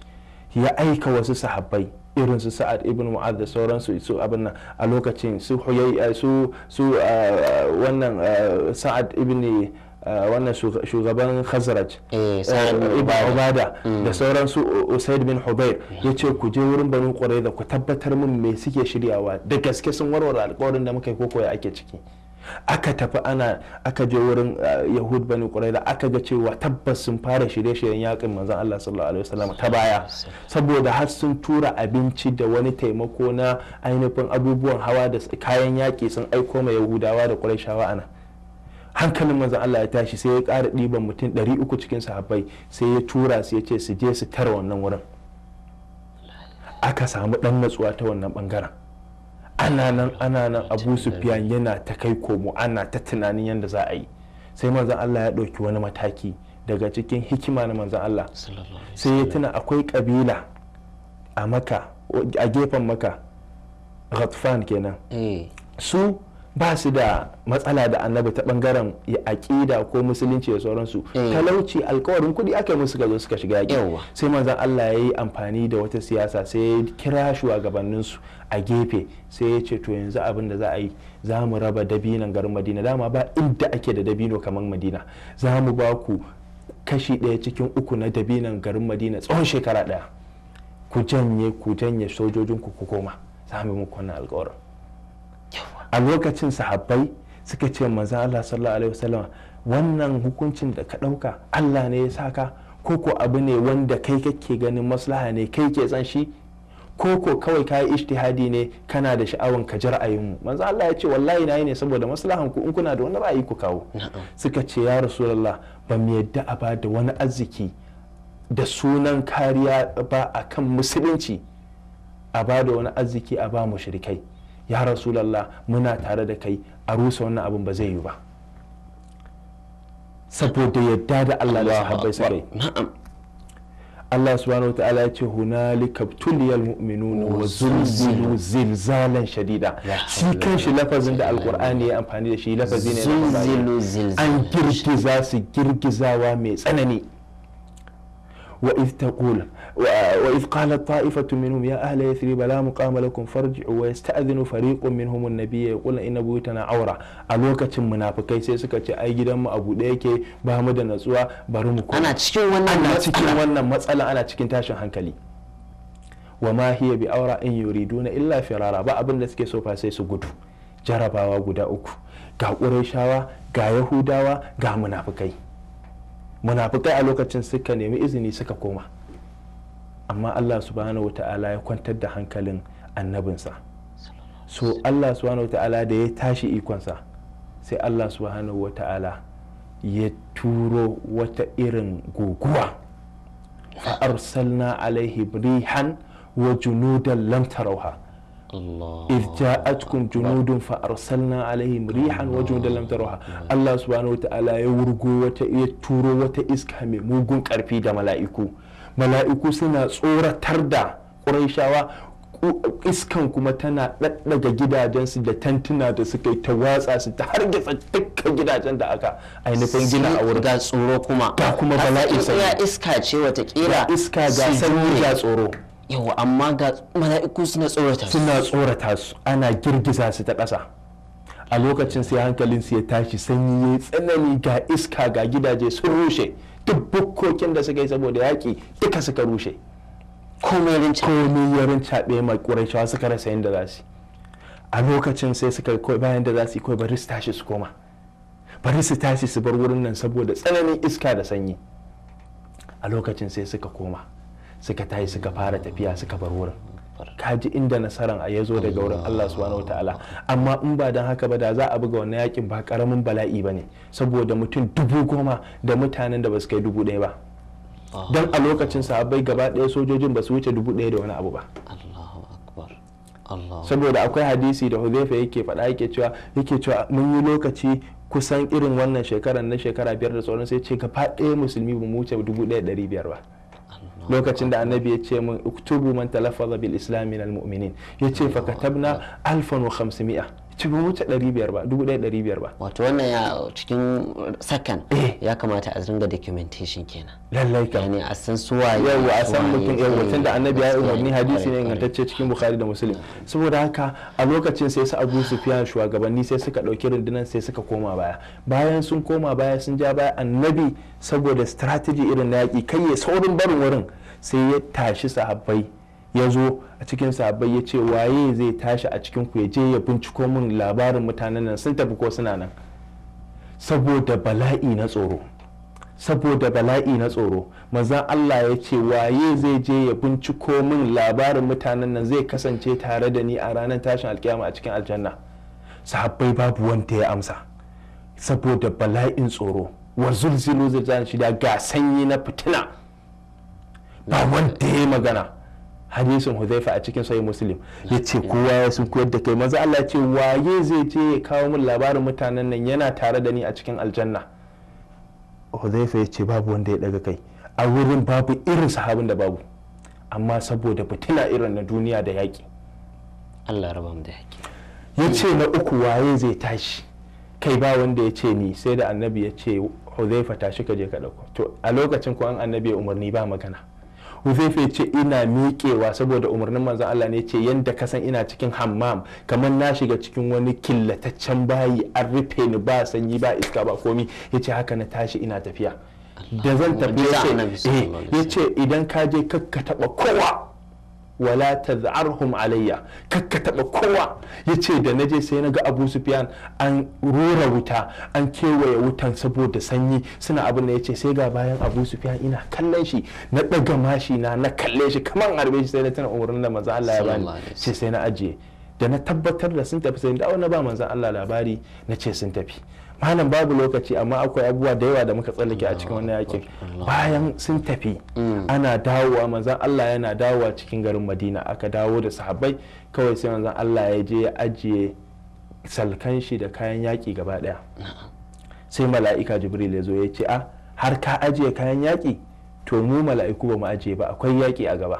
ya aika wasu sahabbai irin su sa'ad ibn mu'ad da sauransu su abin nan a lokacin su huyai eh, su su eh, wannan eh, sa'ad ibn Eh, wannan shugaban khazraj eh, eh, ubada mm. da sauransu su usaid bin hubair ya ce ku je wurin banu ƙwarai da ku tabbatar min me suke shiryawa da gaske sun warware alkawarin da muka yi koko ya ake ciki aka tafi ana aka je wurin yahud bani da aka ga cewa tabbas sun fara shirye-shiryen yakin manzon Allah sallallahu alaihi wasallam ta baya saboda har sun tura abinci da wani taimako na ainihin abubuwan hawa da kayan yaki sun aiko mai yahudawa da quraishawa ana hankalin manzon Allah ya tashi sai ya kara ɗiban mutum ɗari uku cikin sahabbai sai ya tura su ya ce su je su tara wannan wurin aka samu ɗan natsuwa ta wannan ɓangaren ana nan ana nan abu sufiyan yana ta kai komo ana ta tunanin yadda za a yi sai manzon Allah ya ɗauki wani mataki daga cikin hikima na manzon Allah sai ya tuna akwai ƙabila a maka a gefen maka ghatfan kenan eh. su ba su da matsala da annabi ta bangaren ya aƙida ko musulunci da sauransu eh. talauci alkawarin kuɗi aka yi musu gazo suka shiga yaƙi sai manzan Allah ya yi amfani da wata siyasa sai ya kira shugabannin su a gefe sai ya ce to yanzu abin da za a yi za mu raba dabinan garin Madina dama ba inda ake da dabino kamar Madina za mu ba ku kashi ɗaya cikin uku na dabinan garin Madina tsawon shekara ɗaya ku janye ku janye sojojinku ku koma za mu yi muku wannan alkawarin a lokacin sahabbai suka ce manzo Allah sallallahu alaihi wasallam wannan hukuncin da ka dauka Allah ne ya saka ko ko abu ne wanda kai kake ganin maslaha ne kai ke san shi ko ko kawai ka ijtihadi ne kana da sha'awan ka ji ra'ayinmu manzo Allah ya ce wallahi nayi ne saboda maslahan ku in kuna da wani ra'ayi ku kawo suka ce ya rasulullah ba mu yadda a bada wani arziki da sunan kariya ba akan musulunci a bada wani arziki a ba mushrikai ya rasulallah muna tare da kai a rusa wannan abin ba zai yi ba saboda yadda da Allah da sahabbai sarai Allah subhanahu wa ta'ala ya ce hunalika tuliyal mu'minuna wa zulzilu zilzalan shadida shi shi lafazin da alqur'ani ya amfani da shi lafazi ne an girgiza su girgizawa mai tsanani wa iz taqul ya وإذ قالت طائفة منهم يا أهل يثرب لا مقام لكم فارجعوا ويستأذن فريق منهم النبي يقول إن بيوتنا عورة ألوكة منافقين سيسكة أي جدا ما أبو ديكي بهم da natsuwa bari mu ana cikin wannan ana cikin wannan matsala ana cikin tashin hankali wa ma hiya bi aura in yuriduna illa firara ba abin da suke so fa sai su gudu jarabawa guda uku ga ƙurayshawa ga yahudawa ga munafukai munafukai a lokacin suka nemi izini suka koma amma allah subhanahu wata'ala ya kwantar da hankalin annabinsa so allah subhanahu wata'ala da ya tashi ikonsa sai allah subhanahu wata'ala ya turo wata irin guguwa arsalna alaihi rihan wa junudan lam tarauha إذ جاءتكم جنود فأرسلنا عليهم ريحا وجنودا لم تروها الله سبحانه وتعالى يورغو وتأي تورو وتأسك همي موغن كارفي دا ملائكو mala'iku suna tsoratar da shawa iskan kuma tana ɗaɗɗaga gidajensu da tantuna da suka yi ta watsa su ta hargitsa dukkan gidajen da aka ainihin gina a wurin ga tsoro kuma ga kuma bala'i sai iska ce watakila iska ga sanyi ga tsoro yawa amma ga mala'iku suna tsorata su suna tsorata su ana girgiza su ta ƙasa a lokacin sai hankalin su ya tashi sanyi ya tsanani ga iska ga gidaje sun rushe duk bukkokin da suka yi saboda yaƙi duka suka rushe komai ya caɓe mai ƙuraishawa suka rasa yadda za su a lokacin sai suka kai bayan da za su yi kai bari su tashi su koma bari su tashi su bar wurin nan saboda tsananin iska da sanyi a lokacin sai suka koma suka tashi suka fara tafiya suka bar wurin ka ji inda nasaran a ya daga wurin Allah subhanahu ta'ala amma in ba dan haka ba da za a buga wannan yakin ba karamin bala'i ba ne saboda mutum dubu goma da mutanen da ba su kai dubu ɗaya ba ah. don a lokacin sahabbai gaba ɗaya sojojin ba su wuce dubu ɗaya da wani abu ba saboda akwai hadisi da huzaifa yake faɗa yake cewa yake cewa mun yi lokaci kusan irin wannan shekarar na shekara biyar da sauran sai ce gaba ɗaya musulmi ba mu wuce dubu ɗaya ɗari biyar ba lokacin da annabi ya ce min uktubu man talaffaza bil islam min al mu'minin yace fa katabna 1500 cikin wuce 500 ba 1500 ba wato wannan ya cikin sakan eh. ya kamata a ringa documentation kenan lallai ka yani a san suwa a san mutum yawa da annabi ya yi umarni hadisi ne ingantacce cikin bukhari da muslim saboda haka a lokacin sai su abu sufyan shugabanni sai suka dauki rundunar sai suka koma baya bayan sun koma baya sun ja baya annabi saboda strategy irin na yaki kai ya saurin barin wurin sai ya tashi sahabbai ya zo a cikin sabai ya ce waye zai tashi a cikin ku ya je ya binciko min labarin mutanen nan sun tafi ko suna nan saboda bala'i na tsoro saboda bala'i na tsoro manzan Allah ya ce waye zai je ya binciko min labarin mutanen nan zai kasance tare da ni a ranar tashin alkiyama a cikin aljanna sahabbai babu wanda ya amsa saboda bala'in tsoro wa zulzilu zilzalan shida ga sanyi na fitina ba wanda ya magana hadisin huzaifa a cikin sahih muslim yace kowa ya sun koyar da kai manzo Allah ya waye zai je ya kawo min labarin mutanen nan yana tare da ni a cikin aljanna huzaifa ya ce babu wanda ya daga kai a wurin babu irin sahabin da babu amma saboda fitina irin na duniya da yaki Allah raba mu da yaki ya na uku waye zai tashi kai ba wanda yace ni sai da annabi ya ce huzaifa tashi ka je ka dauko to a lokacin ko an annabi ya umarni ba magana hufefe ce ina miƙewa saboda umarnin manzon Allah ne ce yanda ka san ina cikin hammam kamar na shiga cikin wani killataccen bayi an rufe ni ba sanyi ba iska ba komi yace haka na tashi ina tafiya da zan tafi ya eh, ce idan ka je ka taba kowa wala arhum alayya kakka taba kowa yace da na je sai na ga Abu sufiyan an rora wuta an kewaye wutan saboda sanyi suna abin da ya ce sai ga bayan Abu sufiyan ina kallon shi na daga mashi na na kalle shi kaman harbe shi sai na tana umarnin da manzo Allah ya bani sai sai na ajiye da na tabbatar da sun tafi sai da na ba maza Allah labari na ce sun tafi malam babu lokaci amma akwai abubuwa da yawa da muka tsallake a cikin wannan yakin bayan sun tafi mm. ana dawowa manzan Allah yana dawowa cikin garin Madina aka dawo da sahabbai kawai sai manzan Allah ya je ya ajiye salkan shi da kayan yaƙi gaba daya. sai mala'ika jibril ya zo ya ce a ah, har ka ajiye kayan yaƙi to mu mala'iku ba mu ajiye ba akwai yaƙi a gaba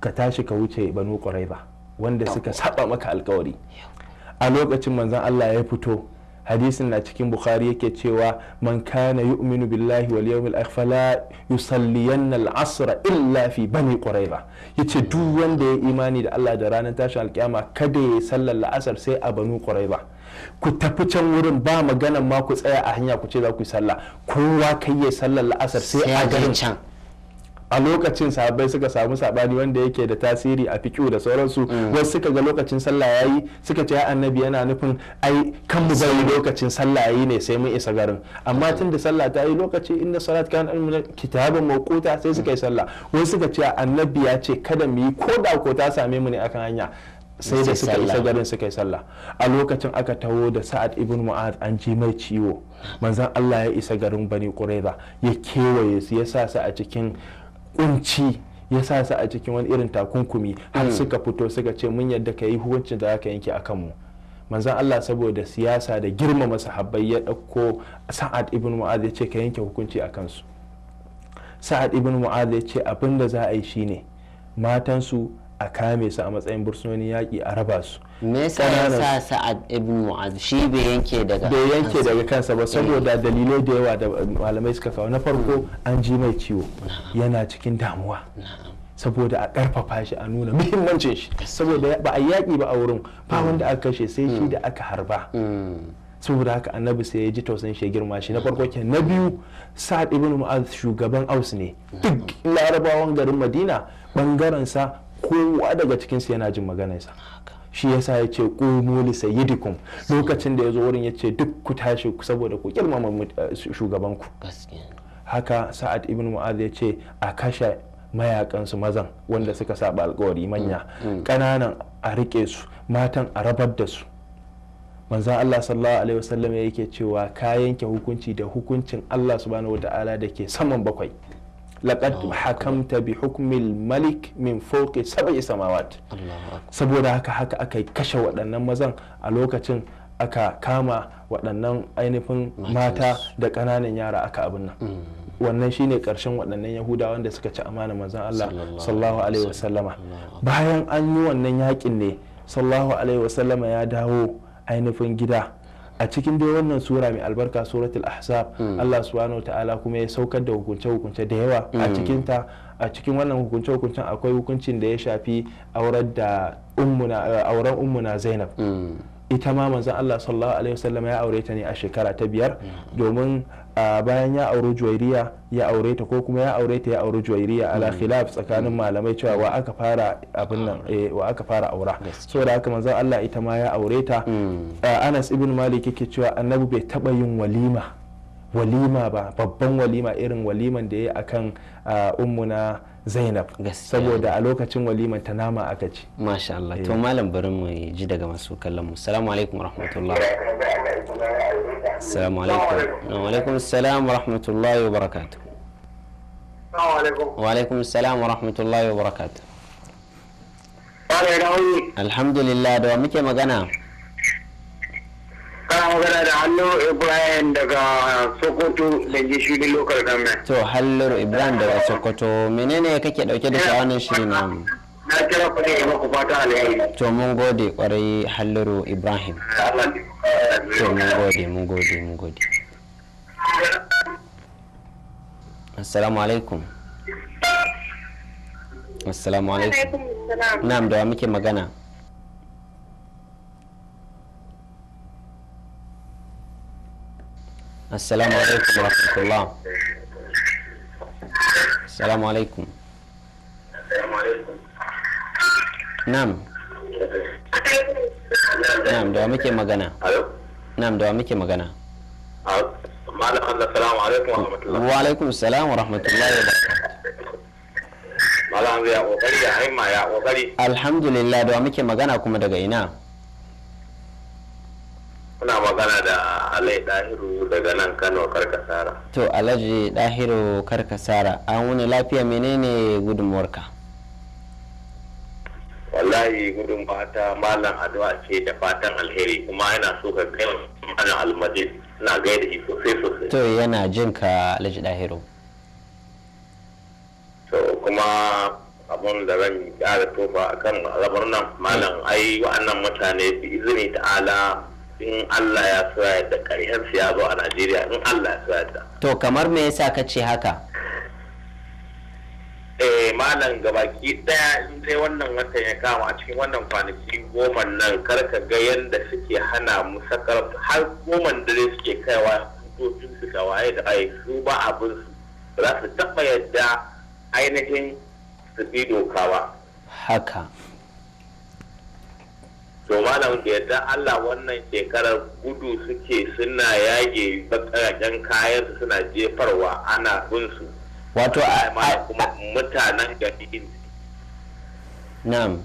ka tashi ka wuce banu ƙurai ba wanda suka saba maka alkawari a lokacin manzan Allah ya fito hadisin na cikin bukhari yake cewa man kana yu'minu billahi wal yawmil akhir fala yusalliyanna al asra illa fi bani quraiza yace duk wanda ya imani da Allah da ranar tashin alkiyama kada ya sallar la'asar sai a banu quraiza ku tafi can wurin ba maganan ma ku tsaya a hanya ku ce za ku yi sallah kowa kai ya sallar la'asar sai a garin can a lokacin sahabbai suka samu sabani wanda yake da tasiri a fiqhu da sauransu mm. wasu suka ga lokacin sallah yayi suka ce annabi yana nufin ai kan mu bari lokacin sallah yayi ne sai mun isa garin amma mm. tun da sallah ta yi lokaci inna salat kan kitabun mawquta sai suka yi mm. sallah wasu suka ce annabi ya ce kada mu yi ko da ko ta same mu ne akan hanya sai da suka isa garin suka yi sallah a lokacin aka taho da sa'ad ibn mu'ad an ji mai ciwo manzan Allah ya isa garin bani quraiza ya kewaye su ya sa su a cikin kunci ya sa su a cikin wani irin takunkumi har hmm. suka fito suka ce mun yadda ka yi hukuncin da aka yanke a kanmu manzan Allah saboda siyasa da girmama sahabbai ya ɗauko sa'ad ibn mu'adh ya ce ka yanke hukunci a kansu sa'ad ibn mu'adh ya ce abin da za a yi shine matansu a kame su a matsayin bursunonin yaƙi a raba su me ya sa sa'ad ibn mu'az shi bai yanke daga bai yanke daga kansa ba saboda eh. dalilai da yawa da malamai suka kawo na farko hmm. an ji mai ciwo yana cikin damuwa saboda a karfafa shi a nuna muhimmancin shi saboda ba a yaƙi ba a wurin ba hmm. wanda aka kashe sai shi hmm. da aka harba saboda haka annabi sai ya ji tausayin shi girma shi na farko ke na biyu sa'ad ibn mu'az shugaban aus ne duk larabawan garin madina bangaren sa kowa daga cikinsu yana jin maganarsa shi yasa ya ce ƙumu sayidikum lokacin da ya zo wurin ya ce duk ku tashi saboda ku girmama eh, shugabanku haka sa'ad ibn mu'az ya ce a kashe mayakansu mazan wanda suka saba alkawari manya mm, mm. ƙananan a riƙe su matan a rabar da su manzan Allah sallallahu alaihi wasallam yake cewa ka yanke hukunci da hukuncin Allah subhanahu ta'ala da ke saman bakwai laqad hakamta bi malik min fawqi sab'i saboda haka haka aka kashe waɗannan mazan a lokacin aka kama waɗannan ainihin mata da ƙananan yara aka abin nan wannan shine ƙarshen waɗannan yahudawa da suka ci amana manzon Allah sallallahu alaihi wasallama bayan an yi wannan yakin ne sallallahu alaihi wasallama ya dawo ainihin gida a cikin dai wannan sura mai albarka suratul ahzab hmm. Allah subhanahu ta'ala kuma ya saukar da hukunce-hukunce da yawa a hmm. cikin ta a cikin wannan hukunce-hukuncen akwai hukuncin da ya shafi auren eh, auren ummuna Zainab hmm. ita ma manzon Allah sallallahu alaihi wasallam ya aure ta ne a shekara ta biyar domin bayan ya auri juwairiya ya aure ta ko kuma ya aure ta ya auri juwairiya ala hmm. khilaf tsakanin hmm. malamai cewa wa aka fara abin nan ah. eh, wa aka fara aura saboda haka manzan Allah ita ma ya aure ta hmm. Anas ibn Malik yake cewa annabi bai taba yin walima walima ba babban walima irin waliman da ya yi akan uh, ummuna zainab saboda a lokacin waliman ta nama aka ci masha Allah eh. to malam bari mu ji daga masu kallon mu salamu alaikum warahmatullah salamu alaikum wa alaikum assalam wa wabarakatuh wa alaikum assalam wa barakatu alhamdulillah da muke magana kana magana da halliru ibrahim daga sokoto da gishiri lokal gama to halliru ibrahim daga sokoto menene kake dauke da shawanin wannan shirin namu na kira ku ne maku fata alheri to mun gode kwarai halluru ibrahim to mun gode mun gode mun gode assalamu alaikum assalamu alaikum na'am da wa muke magana السلام عليكم ورحمة الله السلام عليكم السلام عليكم نعم نعم muke magana نعم da muke magana السلام عليكم ورحمة الله وعليكم السلام ورحمة الله وبركاته alhamdulillah da muke magana kuma daga ina kuna magana da alai dahiru daga nan kano karkasara to alhaji dahiru karkasara an wani lafiya menene gudunmuwarka wallahi gudun ta malam addu'a ce da fatan alheri kuma yana so ka kai mana almadin na gaida shi sosai sosai to yana jin ka alaji dahiru to kuma abun da zan kara tofa akan rabar nan malam ai wa'annan mutane bi izini ta'ala in Allah ya sa da ƙarshen su a Najeriya in Allah ya so da. to kamar me yasa ka ce haka eh malam gabaki daya in dai wannan watan ya kama a cikin wannan kwanaki goma nan karka ga yadda suke hana mu sakar har dare suke kaiwa tutocin su ga waye da ai su ba abin su za su taɓa yadda ainihin su bi doka ba haka to malam da yadda Allah wannan shekarar gudu suke suna yage bakaken kayan su suna jefarwa ana bin su wato a kuma mutanen gari na'am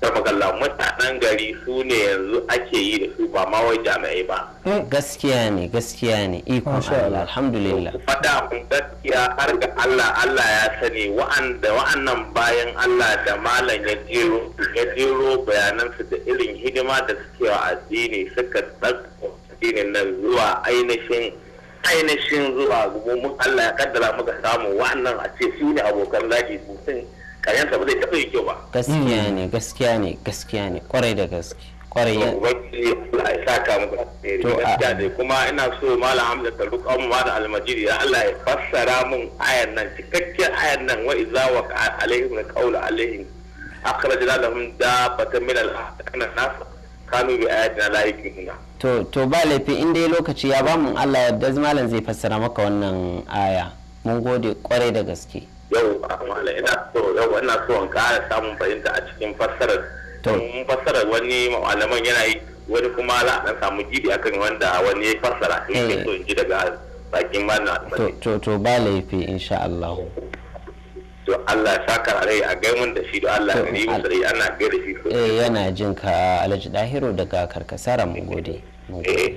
da magalla mutanen gari su ne yanzu ake yi da su ba ma wai jami'ai ba hmm, gaskiya ne gaskiya ne ikon Allah alhamdulillah fada mun gaskiya har ga Allah Allah ya sani wa'anda wa'annan bayan Allah da malam ya jero ya jero bayanan su da irin hidima da suke wa addini suka tsakko addinin nan zuwa ainihin ainihin zuwa mun Allah ya kaddara muka samu wa'annan a ce su ne abokan zaki mutum kayansa ba zai taɓa yi kyau ba gaskiya ne gaskiya ne gaskiya ne kwarai da gaske kwarai ya saka muku da kuma ina so malam hamza ta roƙa mu malam almajiri ya Allah ya fassara mun ayar nan cikakken ayar nan wa iza wa alaihim na qawla alaihim da lahum dabbatan min al-ahqana nas kanu bi ayatina la yuqinuna to to ba laifi in dai lokaci ya bamu Allah ya malam zai fassara maka wannan aya mun gode kwarai da gaske yau mala ina so yau ina so an kara samun fahimta a cikin fassarar mun fassarar wani malaman yana yi wani kuma za a samu gidi akan wanda wani ya fassara ne eh. so in ji daga bakin mana to to ba laifi insha Allah to Allah ya saka rai a gaimun da shi to Allah ya yi musu rai ana gaida shi eh yana jin ka Alhaji Dahiru daga karkasara mu gode eh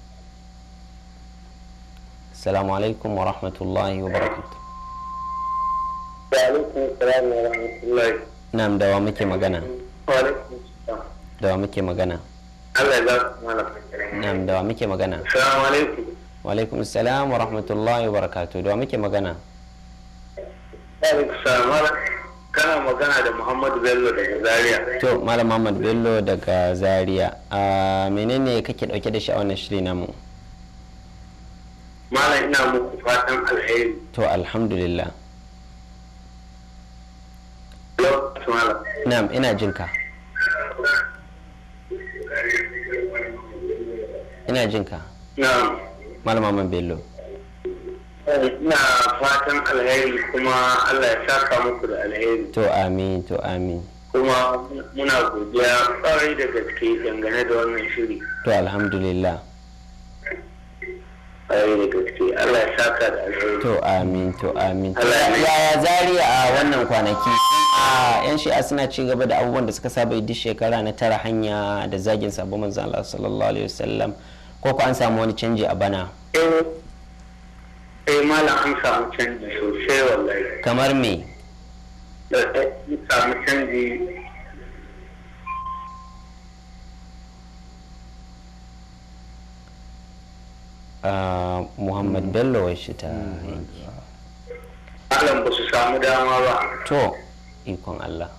السلام عليكم ورحمة الله وبركاته نعم دوامك مغنى وعليكم دوامك مغنى الله نعم دوامك مغنى السلام عليكم وعليكم السلام ورحمة الله وبركاته دوامك مغنى kana magana da muhammadu bello daga zaria to malam muhammad bello daga zaria a menene kake dauke da shi a malam ina muku fatan alheri to alhamdulillah na'am ina jin ka ina jin ka na'am malama man bello ina fatan alheri kuma Allah ya saka muku da alheri to amin to amin kuma muna godiya kwarai da gaske dangane da wannan shiri to alhamdulillah To amin to amin. Yaya zari a wannan kwanaki? A yan shi'a suna ci gaba da abubuwan da suka saba yi duk shekara na tara hanya da zagin sabon manzon Allah sallallahu alaihi wasallam. Ko an samu wani canji a bana? Eh, eh an samu canji sosai wallahi. Kamar me? Eh, samu canji muhammad bello wa shi ta yanki malam ba su samu dama ba to ikon allah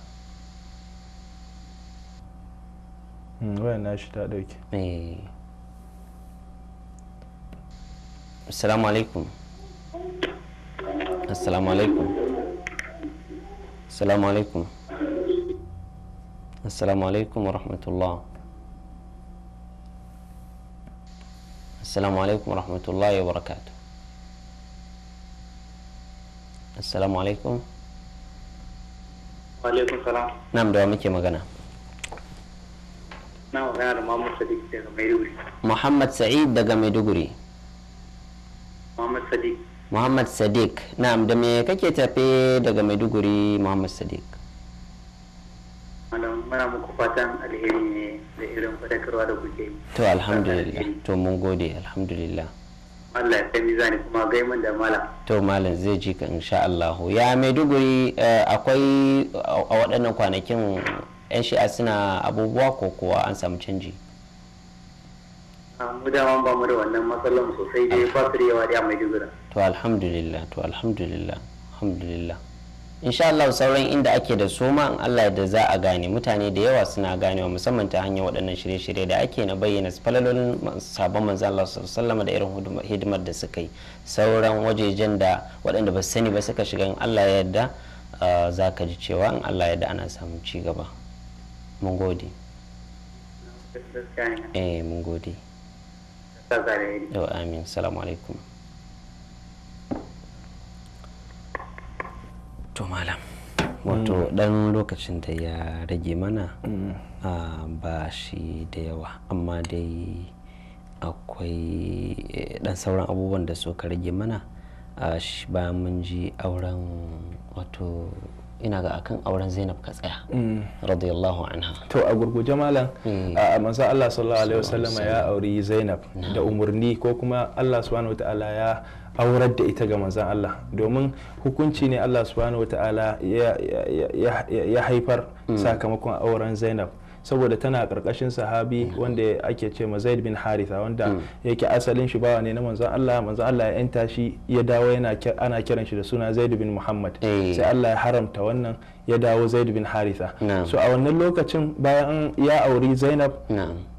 wayan na shi ta dauke assalamu alaikum assalamu alaikum assalamu alaikum assalamu alaikum wa rahmatullah السلام عليكم ورحمة الله وبركاته السلام عليكم وعليكم السلام نعم دعا مكي مغانا نعم أنا محمد صديق دقا ميدوغري محمد سعيد دقا ميدوغري محمد صديق محمد صديق نعم دمي كي تابي دقا ميدوغري محمد صديق muna muku fatan alheri ne da irin fadakarwa da kuke yi to alhamdulillah to mun gode alhamdulillah Allah ya sami zani kuma gaiman da malam to malam zai ji ka insha Allah ya maiduguri eh, akwai a waɗannan kwanakin yan shi'a suna abubuwa ko kuwa an samu canji ah, mu daman ba mu da wannan matsalan sosai dai ba su da yawa da maiduguri to alhamdulillah to alhamdulillah alhamdulillah insha Allah sauran inda ake da su ma in Allah da za a gane mutane da yawa suna ganewa musamman ta hanyar waɗannan shirye-shirye da ake na bayyana falalolin sabon manzo Allah sallallahu da irin hidimar da suka yi sauran wajejen da waɗanda ba sani ba suka shiga in Allah ya yarda za ka ji cewa in Allah ya yarda ana samun ci gaba mun gode eh mun gode amin assalamu alaikum to malam wato dan lokacin da ya rage mana ba shi da yawa amma dai akwai dan e, sauran abubuwan da suka rage mana bayan mun ji auren wato ina ga akan auren zainab ka tsaya mm. radiyallahu anha to a gurguje malam a mm. manzo Allah sallallahu alaihi wasallama ya auri zainab da umurni ko kuma Allah subhanahu wataala ya aurar da ita ga manzan Allah domin hukunci ne Allah subhanahu wa ta'ala ya haifar hmm. sakamakon auren Zainab saboda tana karkashin sahabi hmm. wanda ake ce ma Zaid bin Haritha wanda hmm. yake asalin shi bawa ne na manzan Allah manzan Allah ya yanta shi ya dawo yana ana kiran shi da suna Zaid bin Muhammad eh. sai Allah ya haramta wannan ya dawo Zaid bin Haritha so a wannan lokacin bayan ya auri Zainab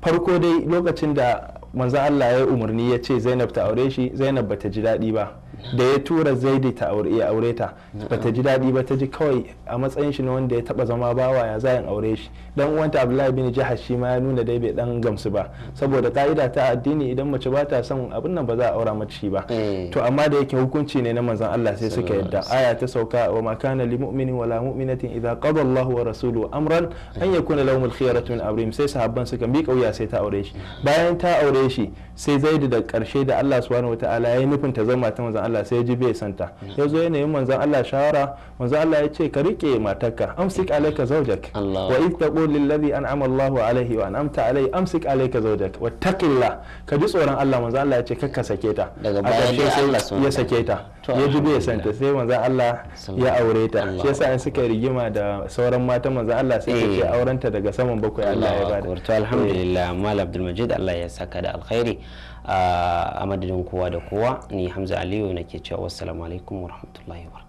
farko dai lokacin da manzo Allah ya umarni ya ce Zainab ta aure shi Zainab bata ji daɗi ba da ya tura Zaidi ta aure ya aure ta bata ji daɗi ba ta ji kawai a matsayin shi na wanda ya taba zama bawa ya za aure shi dan uwanta Abdullahi bin Jahash shi ma ya nuna dai bai dan gamsu ba saboda ka'ida ta addini idan mace ba ta son abin nan ba za a aura mace shi ba eh. to amma da yake hukunci ne na manzon Allah sai suka yadda aya ta sauka wa ma kana lil mu'minin wala mu'minatin idza qada Allahu wa rasuluhu amran an yakuna lahumul khiyaratu min amrihim sai sahabban suka miƙa wuya sai ta aure shi bayan ta aure shi sai zai da karshe da Allah subhanahu ta'ala ya nufin ta zama ta manzon Allah sai ya ji bai santa ya zo yanayin manzon Allah shawara manzon Allah ya ce ka rike matarka amsik alayka zawjak wa id taqul lil ladhi an'ama Allahu alayhi wa an'amta alayhi amsik alayka zawjak wa taqilla ka ji tsoron Allah manzon Allah ya ce kakka sake ta daga bayan sai ya sake ta ya ji bai santa sai manzon Allah ya aure ta shi yasa an suka rigima da sauran mata manzon Allah sai ya ce eh. aurenta daga saman bakwai Allah ya bada alhamdulillah mal Abdul Majid Allah ya saka da alkhairi a madadin kowa da kowa ni hamza aliyu nake cewa wassalamu alaikum rahmatullahi wa